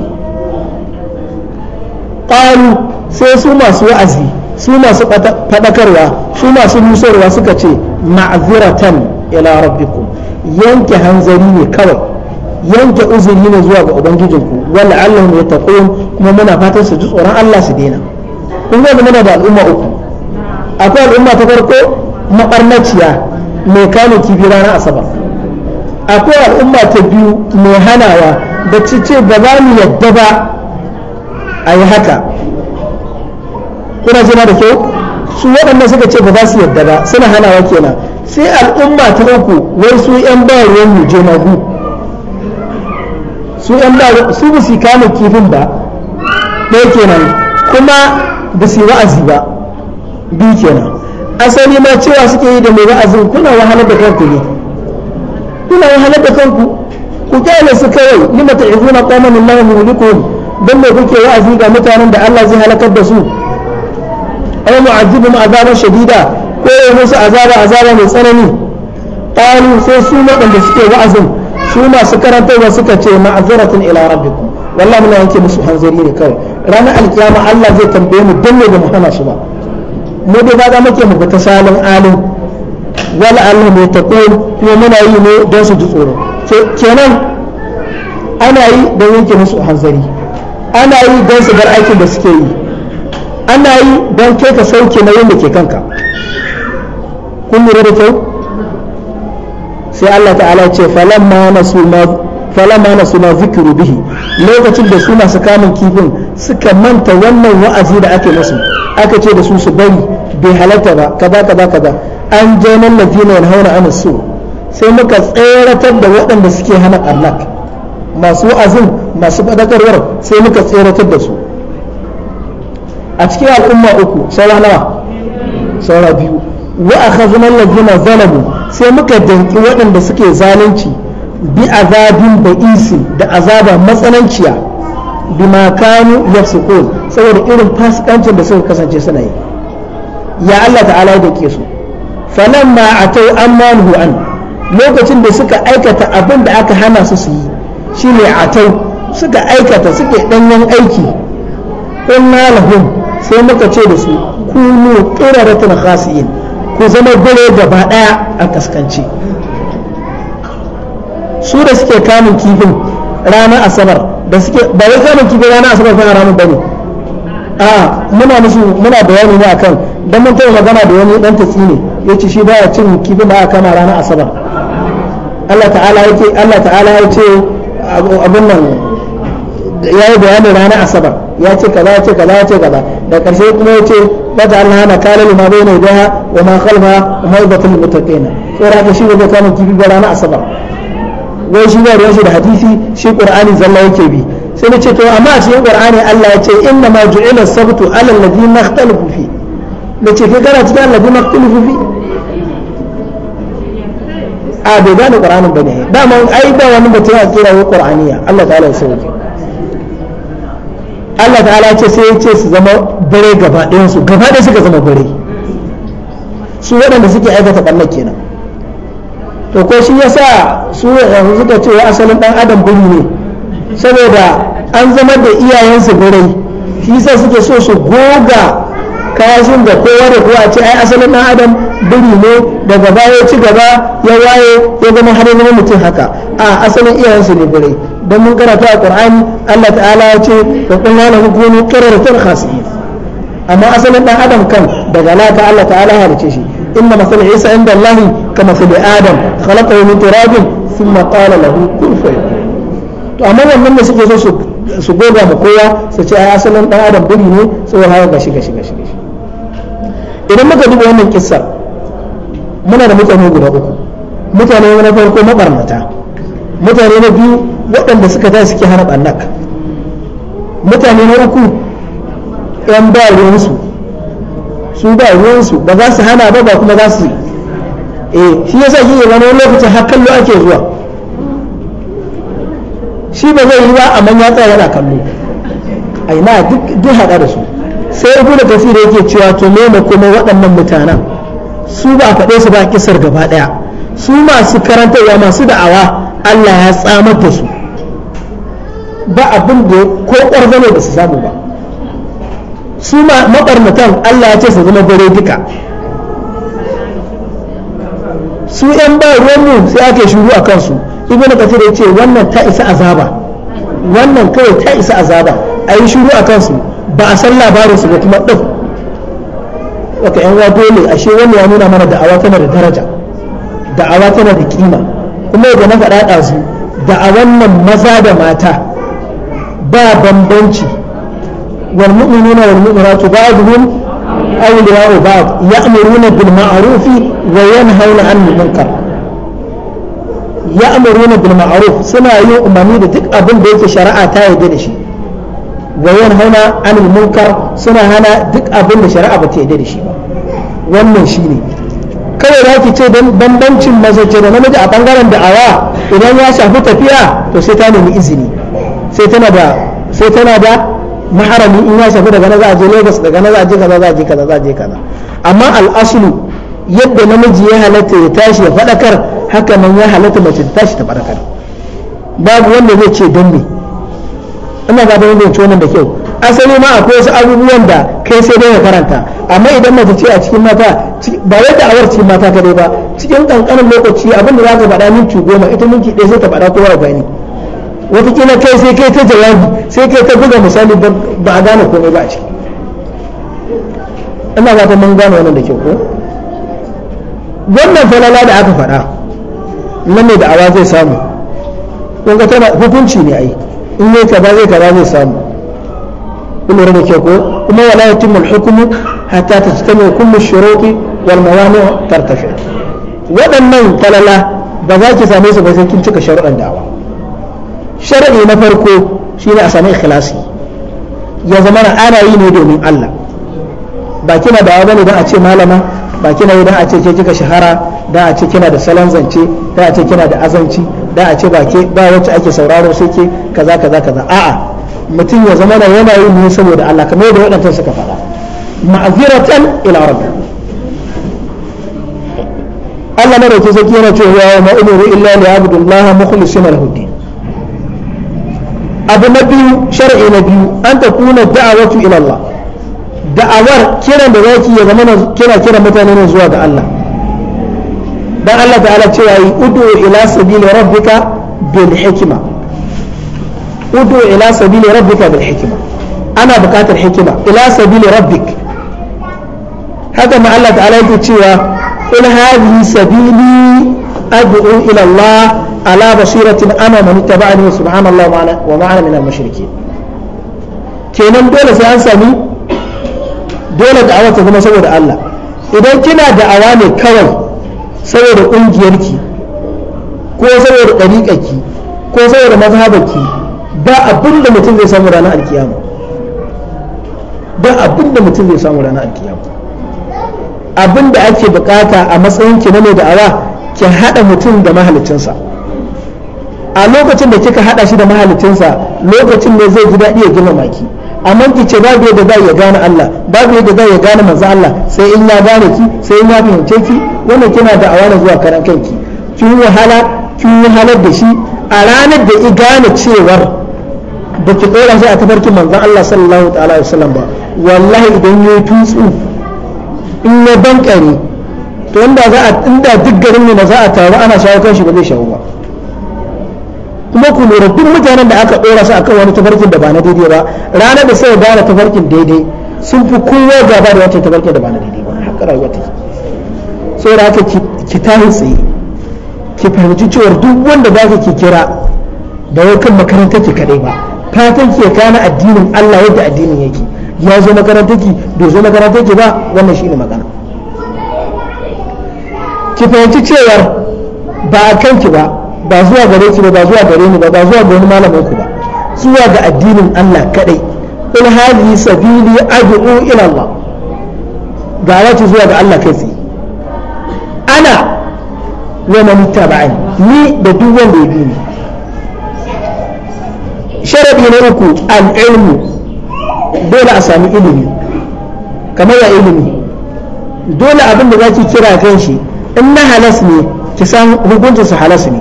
qalu sai su masu wa'azi su masu fadakarwa su masu nusarwa suka ce ma'ziratan ila rabbikum yanke hanzari ne kawai yanke uzuri ne zuwa ga ubangijinku wala ya yattaqun kuma muna fatan su ji tsoron Allah su daina kun ga muna da al'umma uku akwai al'umma ta farko mabarnaciya mai kano kifi ranar asabar akwai al'umma ta biyu mai hanawa da cice ce ba za mu yadda ba a yi haka kuna jina da kyau su waɗanda suka ce ba za su yadda ba suna hanawa kenan sai al'umma ta uku wai su 'yan bayarwar mu jemagu su yan ba su ba su kama kifin ba yake nan kuma ba su wa'azi ba biyu kenan asali ma cewa suke yi da mai wa'azin kuna wahalar da kanku ne kuna wahalar da kanku ku kyale su kawai lima ta'izuna qauman Allah mulikum Don me kuke wa'azi ga mutanen da Allah zai halakar da su aw mu azaban shadida ko musu azaba azaba mai tsanani qalu sai su da suke wa'azin su masu karanta ba suka ce ma'azaratun ila rabbikum wallahi muna yanke musu hanzari ne kawai ranar alkiyama Allah zai tambaye mu dan ne da mu hana su ba mu dai ba da muke mu fita salin alu. wala Allah mai taqul kuma muna yi ne don su ji tsoro kenan ana yi don yanke musu hanzari ana yi don su bar aikin da suke yi ana yi don kai ka sauke na yin da ke kanka kun lura da sai Allah ta'ala ce falamma nasu ma zikiru bihi lokacin da su masu kamun kifin suka manta wannan wa'azi da ake musu aka ce da su su bari bai halatta ba kaza kaza kaza an je nan lafina yana hauna an su sai muka tseratar da waɗanda suke hana arnak masu wa'azin masu fadakarwar sai muka tseratar da su a cikin al'umma uku saura nawa saura biyu wa akhazna alladhina zalamu sai muka danki waɗanda suke zalunci bi azabin ba'isi da azaba matsananciya bi makanu ya saboda irin fasikancin da suka kasance suna yi ya Allah ta'ala da ke su falamma atau ta'u an lokacin da suka aikata abin da aka hana su su yi shi ne a atau suka aikata suke ɗanyen aiki kunna lahum sai muka ce da su kunu qiraratan khasiin ku zama gure gaba daya a kaskance su da suke kamun kifin ranar asabar da suke ba wai kamun kifin ranar asabar kan ranar bane a muna musu muna bayani ne akan dan mun taɓa magana da wani dan tatsi ne yace shi baya cin kifin ba kama ranar asabar Allah ta'ala yake Allah ta'ala ya ce abin nan ya yi bayanin ranar asabar ya ce kaza ya ce kaza ya ce kaza da ƙarshe kuma ya ce bata Allah na kala lima bai ne daya wa ma kalma wa ma ibatul mutaqina tsora ka shi ne zai kama kifi ga ranar asabar wai shi ne ruwan shi da hadisi shi qur'ani zalla yake bi sai na ce to amma a cikin qur'ani Allah ya ce inna ma ju'ila sabtu ala alladhina ikhtalafu fi ne ce kai kana cikin alladhina ikhtalafu fi a bai gane qur'anin bane dama ai ba wani batun a tsira wa qur'aniya Allah ta ta'ala ya sauke Allah ta'ala ce sai ya ce su zama bare gaba ɗayan su gaba ɗaya suka zama bare su waɗanda suke aikata ɓallar kenan to ko shi yasa su yanzu suka ce asalin ɗan adam bari ne saboda an zama da iyayensu bare shi yasa suke so su goga kashin da kowa da kowa ce ai asalin ɗan adam biri ne daga baya ci gaba ya waye ya zama har zama mutum haka a asalin iyayensu ne bare don mun karanta a qur'ani Allah ta'ala ya ce wa qul la nakunu qiradatan khasi'in amma asalin dan adam kan daga laka Allah ta'ala halice shi inna masal isa inda Allah kama sali adam khalaqahu min turabin thumma qala lahu kun fayakun to amma wannan da suke so su goga ma kowa su ce ai asalin dan adam buri ne saboda haka gashi gashi gashi idan muka duba wannan kissar muna da mutane guda uku mutane na farko mabarnata mutane na biyu waɗanda suka tashi suke hana ɓannak mutane na uku ‘yan ba ruwansu su ba ruwansu ba za su hana ba ba kuma za su eh shi yasa shi ya wani lokacin har kallo ake zuwa shi ba zai yi ba a manya tsaye yana kallo aina duk haɗa da su sai tafi da yake cewa to me kuma waɗannan mutanen su ba faɗe su ba kisar gaba ɗaya su masu karantarwa masu da'awa Allah ya tsamar da su ba abin da ko ƙwarzano ba su samu ba su maɓarnatan Allah ya ce su zama dare duka su ‘yan ba ruwanmu sai ake shuru a kansu ibn kafir ya ce wannan ta isa azaba wannan kawai ta isa azaba a yi shuru a kansu ba a san labarinsu ba kuma ɗin wata ‘yan wa dole ashe wannan ya nuna mana da'awa tana da daraja da'awa tana da kima kuma da na faɗaɗa su da a wannan maza da mata ba bambanci wal mu'minuna wal mu'minatu ba'dhum awliya'u ba'd ya'muruna bil ma'ruf wa yanhauna 'anil munkar ya'muruna bil ma'ruf suna yin umarni da duk abin da yake shari'a ta yarda da shi wa yanhauna 'anil munkar suna hana duk abin da shari'a ba ta yarda da shi ba wannan shine kawai za ki ce bambancin mazaje da namiji a bangaren da'awa idan ya shafi tafiya to sai ta nemi izini sai tana da sai tana da maharami in ya shafi daga na je Lagos daga na je kaza za je kaza za je kaza amma al'asulu yadda namiji ya halatta ya tashi ya fadakar haka nan ya halatta mace ta tashi ta fadakar babu wanda zai ce don me ina ga da wanda ya ci wannan da kyau asali ma akwai wasu abubuwan da kai sai dai ya karanta amma idan mace ce a cikin mata ba wai da'awar cikin mata kadai ba cikin kankanin lokaci abinda za ka faɗa minti goma ita minti ɗaya sai ta faɗa ko arba'in watakila kai sai kai ta jawabi sai kai ta buga misali ba a gane komai ba a ciki ina ta mun gane wannan da ke ko wannan falala da aka faɗa nan ne da'awa zai samu kun ga tana hukunci ne ai in yi ba zai ba zai samu lura da ke ko kuma wala yatimmu al-hukmu hatta tastami'a kullu shuruti wal mawani' tartafi waɗannan falala ba za ki same su ba sai kin cika sharuɗan da'awa sharaɗi na farko shine a sami ikhlasi ya zama na ana yi ne domin Allah ba kina da'awa bane don a ce malama ba kina yi don a ce kika shahara da a ce kina da salon zance da a ce kina da azanci da a ce ba ke ba wacce ake sauraro sai ke kaza kaza kaza a'a mutum ya zama da yana yin ne saboda Allah kamar yadda waɗancan suka faɗa ma'aziratan ila rabbi Allah na rauke zaki yana cewa ya ma umiru illa li abdullahi mukhlisina lahu din abu na biyu shar'i na biyu an ta kuna da'awatu ila Allah da'awar kiran da zaki ya zama kira kira mutane ne zuwa ga Allah dan Allah ta'ala cewa yi udu ila sabili rabbika bil hikma udu ila sabili rabbika bil hikma ana buƙatar hikima ila sabili rabbik haka ma Allah ta'ala yake cewa in hadhihi sabili ad'u ila Allah ala basiratin ana man ittaba'ani wa subhanallahi wa ma'ana kenan dole sai an sami dole da'awa ta kuma saboda Allah idan kina da'awa ne kawai saboda ƙungiyarki ko saboda ɗariƙarki ko saboda mazhabarki ba abin da mutum zai samu ranar alkiyama ba abin da mutum zai samu ranar alkiyama abin da ake bukata a matsayin ki na mai da'awa ki hada mutum da mahalicinsa a lokacin da kika hada shi da mahalicinsa lokacin ne zai ji daɗi ya gina maki. amma ki ce babu yadda za ya gane Allah babu yadda za ya gane manzo Allah sai in ya gane ki sai in ya fahimce ki wannan kina da awana zuwa karan kanki kin wahala kin wahalar da shi a ranar da i gane cewar ba ki ɗora sai a tafarkin manzon Allah sallallahu ta'ala alaihi wasallam ba wallahi idan ya tutsu in ya bankare to inda za a inda duk garin ne ba za a taru ana shawo kan shi ba zai shawo ba kuma ku lura duk mutanen da aka ɗora su akan wani tafarkin da ba na daidai ba ranar da sai gane tafarkin daidai sun fi kowa gaba da wancan tafarkin da ba na daidai ba haka rayuwa take saboda haka ki tahi tsaye ki fahimci cewa duk wanda za ki kira da wai kan makarantar ki kadai ba fatan ke kana addinin Allah yadda addinin yake ya zo makarantar ki bai zo makarantar ki ba wannan shine magana ki fahimci cewar ba a kan ki ba ba zuwa gare ki ba ba zuwa gare ni ba ba zuwa ga wani malamin ku ba zuwa ga addinin Allah kadai in hali sabili ad'u ila Allah ga wace zuwa ga Allah kai tsaye ana wa man tabani ni da duk wanda ya bi ni sharadi na uku al'ilmu dole a sami ilimi kamar ya ilimi dole abin da za ki kira kan shi in na halas ne ki san hukuncin su halas ne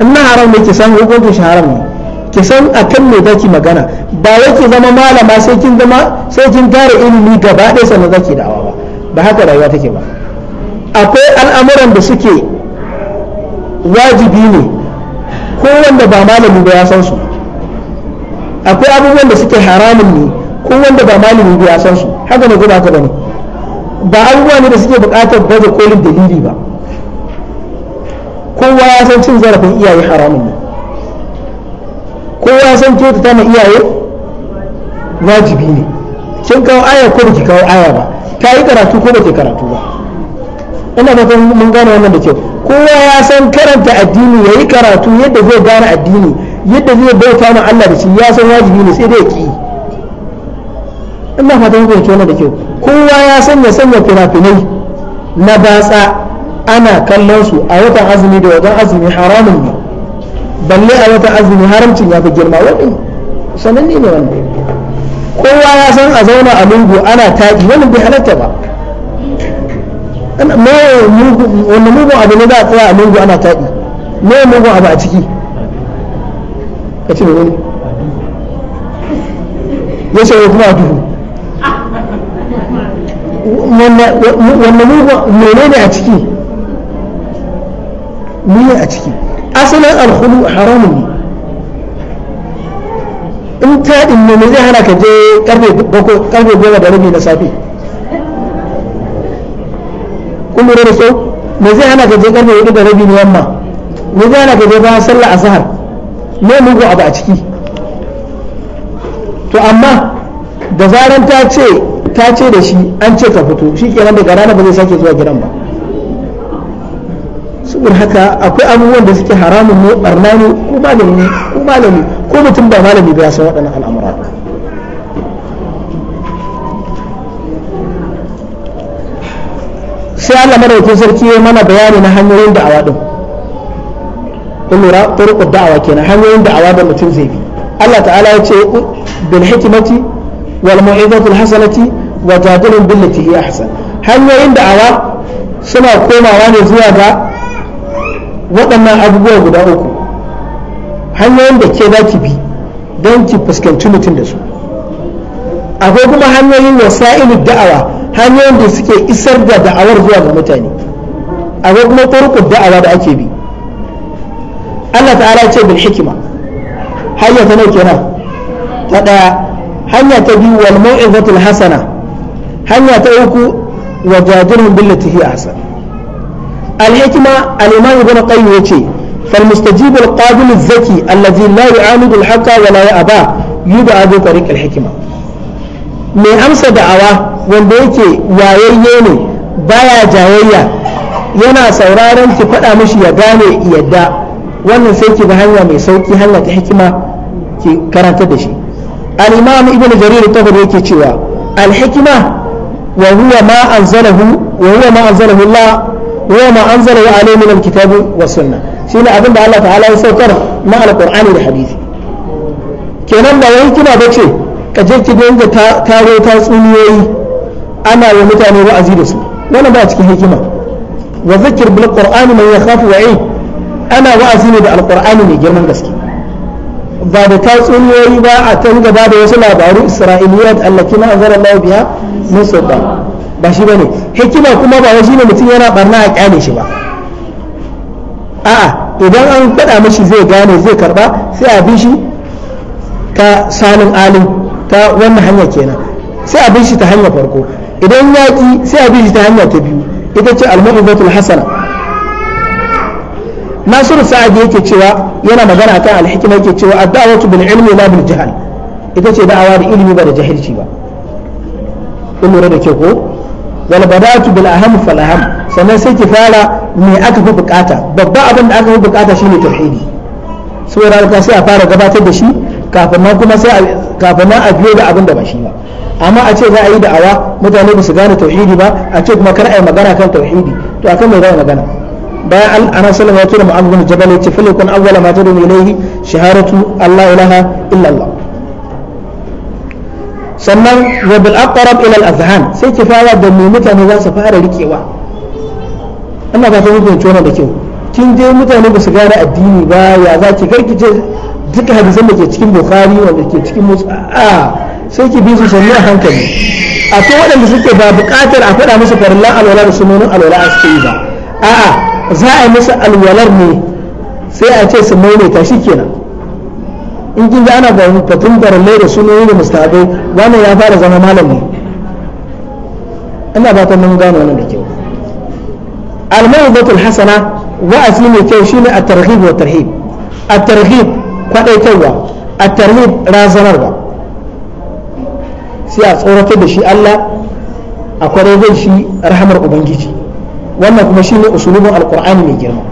in na haram ne ki san hukuncin shi haram ne ki san akan me zaki magana ba yake zama malama sai kin zama sai kin gare ilimi gaba ɗaya sannan zaki da'awa ba ba haka rayuwa take ba akwai al'amuran da suke wajibi ne ko wanda ba malami ba ya san su akwai abubuwan da suke haramun ne ko wanda ba malami ba ya san su haka ne ba ka bane ba abubuwa ne da suke buƙatar baje kolin dalili ba kowa ya san cin zarafin iyaye haramun ne kowa ya san kyautata ta iyaye wajibi ne kin kawo aya ko baki kawo aya ba ta yi karatu ko baki karatu ba ina ba mun gane wannan da kyau kowa ya san karanta addini ya yi karatu yadda zai gane addini yadda zai bauta ma Allah da shi ya san wajibi ne sai dai ki ina fatan ku wannan da kyau kowa ya san ya sanya fina-finai na batsa ana kallon su a watan azumi da wajen azumi haramun ne balle a watan azumi haramcin ya fi girma wani sananne ne wanda kowa ya san a zauna a lungu ana taƙi wannan bai halatta ba wanda mugun abu ne za a tsaya a mugu ana taɗi me mugun abu a ciki ka ce ne ya ce kuma duhu wanda mugun mene ne a ciki ne a ciki asalin alhulu haramun ne in taɗin ne zai hana ka je karfe 10 da rabi na safe kun lura da kyau me zai hana ka je karfe hudu da rabi na yamma me zai hana ka je bayan sallah asahar me mugu abu a ciki to amma da zaran ta ce ta ce da shi an ce ka fito shi kenan daga rana ba zai sake zuwa gidan ba saboda haka akwai abubuwan da suke haramun ne barna ne ko malami ko malami ko mutum ba malami ba ya san waɗannan al'amura sai Allah madaukakin sarki ya mana bayani na hanyoyin da'awa din kun lura turqud da'awa kenan hanyoyin da'awa da mutum zai bi Allah ta'ala ya ce bil hikmati wal mu'izati al hasanati wa jadilun billati hi ahsan hanyoyin da'awa suna komawa ne zuwa ga waɗannan abubuwa guda uku hanyoyin da ke zaki bi don ki fuskanci mutum da su akwai kuma hanyoyin wasa'ilu da'awa hanyoyin da suke isar da da'awar zuwa ga mutane akwai kuma turqud da'awa da ake bi Allah ta'ala ce bil hikima hanya ta nauke na ta daya hanya ta biyu wal mau'izatul hasana hanya ta uku wa jadilhum billati hi ahsan al hikma al imam ibn qayyim yace fal mustajib al qabil al zaki alladhi la yu'amidu al haqa wa la ya'ba yud'a bi tariq al hikma mai amsa da'awa wanda yake wayayye ne baya jayayya yana sauraron ki faɗa mishi ya gane yadda wannan sai ki bi hanya mai sauki hanya ta hikima ki karanta da shi al-imam ibn jarir tabari yake cewa al-hikma wa huwa ma anzalahu wa huwa ma anzalahu Allah wa huwa ma anzalahu alayhi min al-kitabi was sunnah shine abin da Allah ta'ala ya saukar na al-qur'ani da hadisi kenan da wai kina bace ka je ki dinga taro tatsuniyoyi ana wa mutane wa'azi da su wannan ba a cikin hikima wa zakir bil qur'ani man yakhafu wa'id ana wa'azi ne da alqur'ani mai girman gaske ba da tatsuniyoyi ba a can gaba da wasu labaru isra'iliyat allati na anzara Allah biha min sultan ba shi bane hikima kuma ba wai shine mutum yana barna a kyale shi ba a'a idan an faɗa mashi zai gane zai karba sai a bi shi ka salin alim ta wannan hanya kenan sai a bin shi ta hanya farko idan ya ki sai a bin shi ta hanya ta biyu ita ce al-ma'idatul hasana nasiru sa'adi yake cewa yana magana kan al-hikma yake cewa ad-da'watu bil ilmi la bil jahl ita ce da'awa da ilimi ba da jahilci ba kun lura da ke ko wal badatu bil aham fal aham sannan sai ki fara me aka fi bukata babba abin da aka fi bukata shine tauhidi saboda haka sai a fara gabatar da shi kafin nan kuma sai kafin na a biyo da abin da ba shi ba amma a ce za a yi da'awa mutane ba su gane tauhidi ba a ce kuma kar a yi magana kan tauhidi to akan mai zai magana bayan an ana sallama ya tura mu'azzam bin jabal ya ce filikun awwala ma tadu ilayhi shahadatu allah ilaha illa allah sannan wa bil aqrab ila al azhan sai kifaya da mai mutane za su fara rikewa ina ba ta mutunci wannan da kyau kin je mutane ba su gane addini ba ya za ki garkice duka hadisan da ke cikin bukhari wanda ke cikin musu a sai ki bisu su sannu a hankali akwai waɗanda suke ba buƙatar a faɗa musu farillan alwala da sunanin alwala a suke yi ba a'a za a yi musu alwalar ne sai a ce su maimaita shi kenan in kin ana ga fatun farillai da sunanin da mustahabai wannan ya fara zama malami ina ba ta mun gano wannan da kyau al-mawdu'atul hasana wa'azi mai kyau shine at-targhib wa tarhib at-targhib kwadaitarwa a tarhib razanarwa sai a tsoratar da shi Allah a kwadaitar shi rahamar ubangiji wannan kuma shi ne usulubin alkur'ani mai girma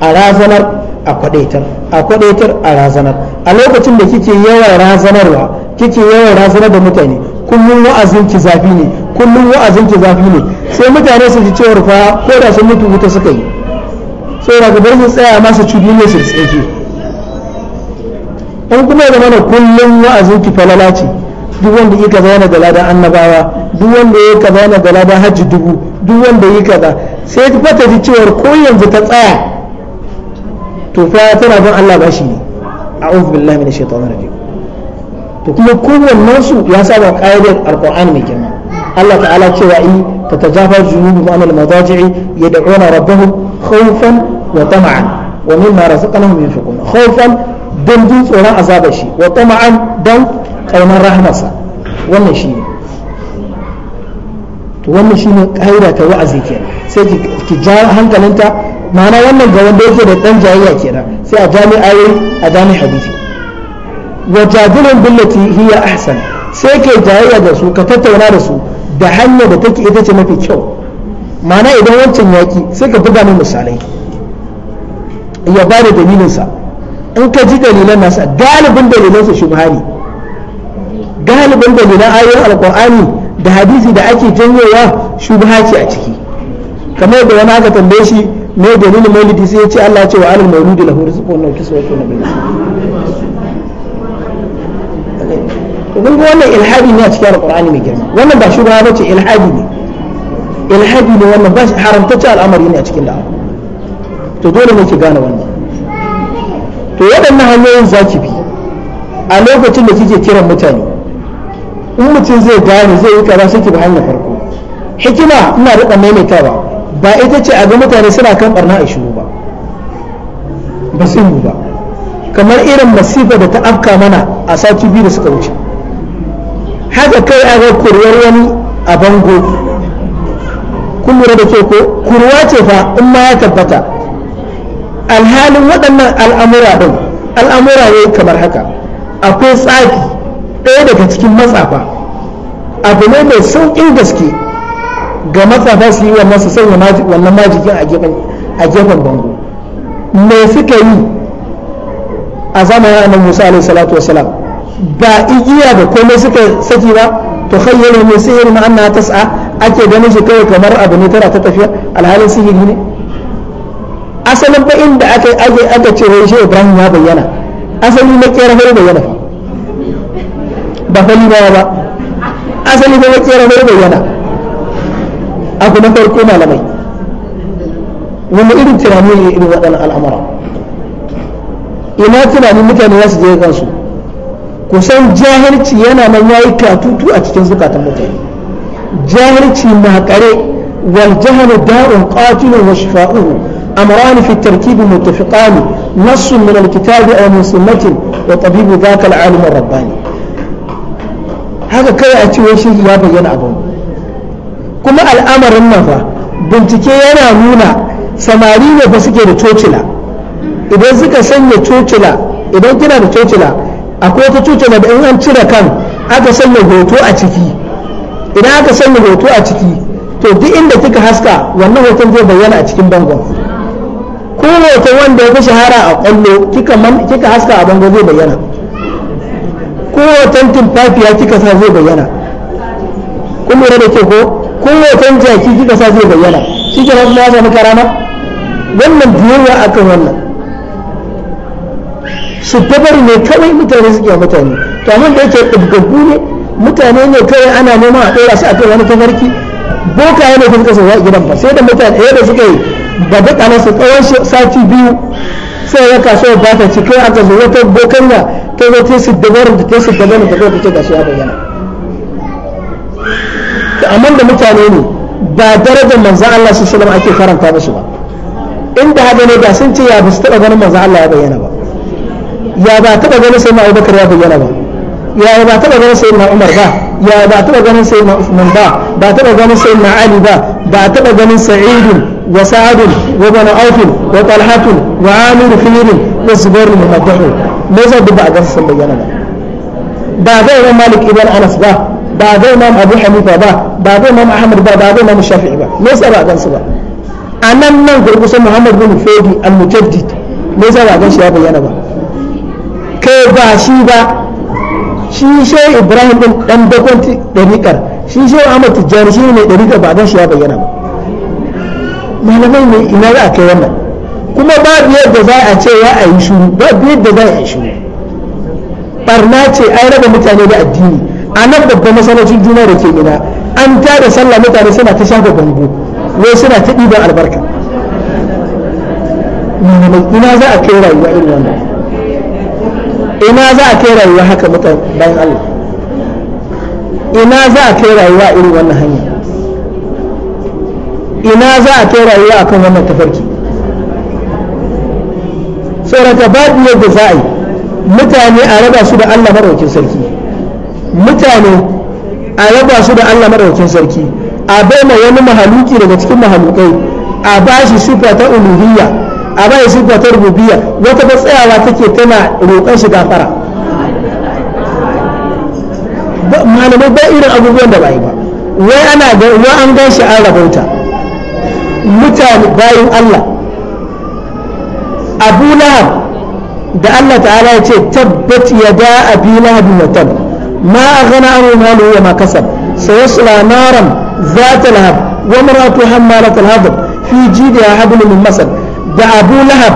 a razanar a kwadaitar a kwadaitar a razanar a lokacin da kike yawan razanarwa kike yawan razanar da mutane kullum wa'azin ki zafi ne kullum wa'azin ki zafi ne sai mutane su ji cewar fa ko da sun mutu wuta suka yi saboda ga bar su tsaya masa cudu ne su tsaye in kuma da mana kullum wa'azin ki falala ce duk wanda yi kaza yana da ladan annabawa duk wanda yi kaza yana da ladan hajji dubu duk wanda yi kaza sai ta fata ji cewar ko yanzu ta tsaya to fa tana bin Allah bashi ne a'udhu billahi minash shaitanir rajim to kuma kowannen su ya saba ƙa'idar alqur'ani mai girma Allah ta'ala cewa in tatajafa junubu an al-madaji'i yad'una rabbahum khawfan wa tama'an wa mimma razaqnahum yunfiqun khawfan don jin tsoron azabar shi wa tama'an don kaunar rahmarsa wannan shi ne to wannan shi ne ƙa'ida ta wa'azi kenan sai ki ja hankalinta ma'ana wannan ga wanda yake da ɗan jayayya kenan sai a jami'ai a jami hadisi wa jadilun billati hiya ahsan sai ke jayayya da su ka tattauna da su da hanyar da take ita ce mafi kyau ma'ana idan wancan yaki sai ka buga mai misalai ya ba da dalilinsa in ka ji dalilan nasa galibin dalilan su ne galibin dalilan ayoyin alkur'ani da hadisi da ake janyowa shubha ce a ciki kamar da wani aka tambaye shi me dalilin maulidi sai ya ce Allah ce wa alal su lahu rizqun wa kiswatun nabiy kun ga wannan ilhadi ne a cikin alkur'ani mai girma wannan ba shubha bace ilhadi ne ilhadi ne wannan ba haramtacce al'amari ne a cikin da'a to dole ne ki gane wannan to waɗannan hanyoyin za ki bi a lokacin da kike kiran mutane in mutum zai gane zai yi kaza sai ki bi hanyar farko hikima ina riƙa maimaitawa ba ita ce a ga mutane suna kan barna a shiru ba ba su yi ba kamar irin masifa da ta afka mana a sati biyu da suka wuce haka kai a ga kurwar wani a bango kun lura da ke ko kuruwa ce fa in ma ya tabbata alhalin waɗannan al'amura ɗin al'amura ya kamar haka akwai tsafi ɗaya daga cikin matsafa abu ne mai sauƙin gaske ga matsafa su yi wannan su sanya wannan majikin a gefen bango me suka yi a zamanin annabi Musa alaihi salatu wasalam ba igiya da komai suka saki ba to khayyalu min sihrin anna tas'a ake ganin shi kawai kamar abu ne tana ta tafiya alhalin sihiri ne asalin ba inda aka aje aka ce wai shehu ibrahim ya bayyana asali na kera bai bayyana ba fali ba ba asali ba kera bai bayyana abu na farko malamai wanda irin tunani ne irin waɗannan al'amura ina tunanin mutane za su je kansu kusan jahilci yana nan ya yi katutu a cikin zukatan mutane jahilci na kare wal jahilu da'un qatilun wa shifa'uhu أمران في الترتيب متفقان نص من الكتاب أو من سنة وطبيب ذاك العالم الرباني هذا كي أتوي شيء يا بيان أبون كما الأمر النفا bincike yana nuna samari ne ba suke da cocila idan suka sanya cocila idan kina da cocila akwai wata cocila da in an cire kan aka sanya hoto a ciki idan aka sanya hoto a ciki to duk inda kika haska wannan hoton zai bayyana a cikin bangon ko hoton wanda ya fi shahara a kwallo kika haska a bango zai bayyana ko hoton tumfafiya kika sa zai bayyana kuma lura da ke ko ko hoton jaki kika sa zai bayyana shi ke kuma ya samu karama wannan a kan wannan su tabar ne kawai mutane suke mutane to amma da yake ɗabgabu ne mutane ne kawai ana neman a ɗora su a kan wani tafarki boka ne suka kasa gidan ba sai da mutane eh, da suka yi da mutanen su tsawon sati biyu sai ya kasuwa ba ta ci kai aka zo wata bokanya ta zo ta su dabarar da ta su dabarar da ta ce kasuwa bayyana amma da mutane ne ba darajar manzan Allah su salama ake karanta su ba inda haka ne ba sun ce ya ba su taɓa ganin manzan Allah ya bayyana ba ya ba taɓa ganin sai na Abubakar ya bayyana ba ya ba taɓa ganin sai na Umar ba ya ba taɓa ganin sai na Usman ba ba taɓa ganin sai na Ali ba ba taɓa ganin Sa'idun وسعد وبن عوف وطلحة وعامر خير والزبير المنجح ماذا دبع قصص بيانا بعد إمام مالك ابن أنس با بعد إمام أبو حنيفة با بعد إمام أحمد با بعد إمام الشافعي با ماذا دبع قصص با أنا من قرقص محمد بن فوقي المجدد ماذا بعد قصص بيانا با كيف شيبا shi shehu ibrahim ɗan dakon ɗariƙar shi shehu ahmad tijjani shi ne ɗariƙar ba don shi malamai ne ina za a kai wannan kuma babu yadda za a ce ya a yi shuru babu yadda za a yi shuru barna ce an raba mutane da addini a nan babban masallacin juna da ke gida an tada sallah mutane suna ta shafa bango wai suna ta ɗiban albarka ina za a kai rayuwa irin wannan ina za a kai rayuwa haka mutane bayan Allah ina za a kai rayuwa irin wannan hanya ina za a kai rayuwa kan wannan tafarki ba babu yadda za a yi mutane a raba su da Allah maraukin sarki mutane a raba su da Allah maraukin sarki a baima wani mahaluki daga cikin mahalukai a ba shi sufa ta uluhiyya a ba shi sufa ta rububiyya wata ba tsayawa take tana roƙon shi gafara malamai ba irin abubuwan da ba yi ba wai ana ga an gan shi an rabauta mutane bayan Allah abu lahab da Allah ta'ala ya ce tabbat ya da abi lahab wa tab ma aghna anhu maluhu wa ma kasab sayasla naran za ta وامرأته حمالة الهضب في جيدها حبل fi ji da abu lahab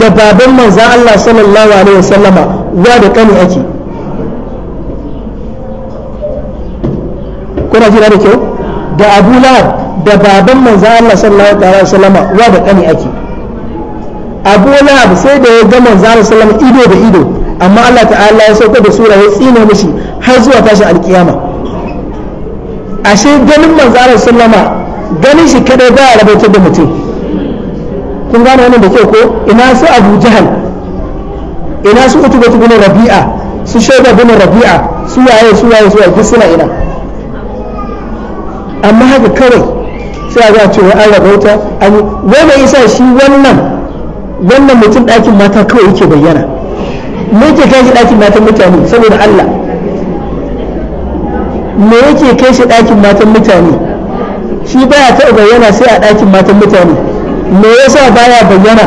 da baban manzan Allah sallallahu alaihi sallama wa da kani ake kuna jira da kyau da abu lahab da baban manzan Allah sallallahu alaihi wasallam wa da kani ake abu lahab sai da ya ga manzan Allah sallallahu alaihi wasallam ido da ido amma Allah ta'ala ya sauka da sura ya tsine mishi har zuwa tashin alkiyama ashe ganin manzan Allah sallallahu alaihi wasallam ganin shi kadai ba ya rabautar da mutum kun gane wannan da kyau ko ina su abu jahal ina su utuba bin rabi'a su shaida bin rabi'a su waye su waye su waye suna ina amma haka kawai sai a za a ce an rabauta wanda isa shi wannan wannan mutum ɗakin mata kawai yake bayyana me yake kai shi ɗakin matan mutane saboda Allah me yake kai shi ɗakin matan mutane shi baya taɓa bayyana sai a ɗakin matan mutane me yasa baya bayyana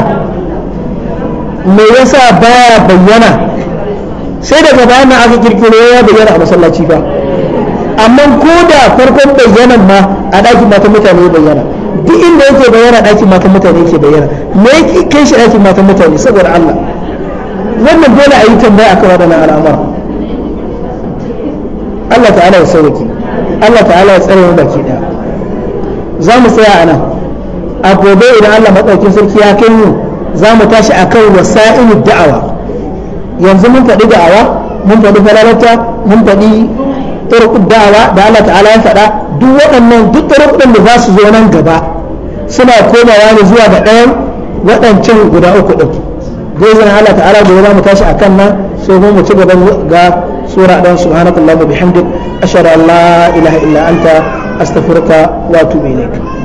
me yasa baya bayyana sai daga bayan aka kirkiro ya bayyana a masallaci ba amma ko da farkon bayyanan ma a ɗakin matan mutane bayyana duk inda yake bayyana ɗakin matan mutane yake bayyana me yake kai shi ɗakin matan mutane saboda Allah wannan dole a yi tambaya a kawar da al'amura Allah ta'ala ya sauke Allah ta'ala ya tsare mu baki ɗaya za mu tsaya a nan a gobe idan Allah maɗaukin sarki ya kai mu za mu tashi a akan wasa'in da'awa yanzu mun faɗi da'awa mun faɗi falalata mun faɗi turqud da'wa da Allah ta'ala ya faɗa duk waɗannan duk turqudin da za su zo nan gaba suna komawa ne zuwa ga ɗayan waɗancan guda uku ɗin gaizan Allah ta'ala gobe za mu tashi akan nan sai mu mu ci gaba ga sura ɗan subhanakallahumma bihamdik ashhadu an la ilaha illa anta astaghfiruka wa atubu ilaik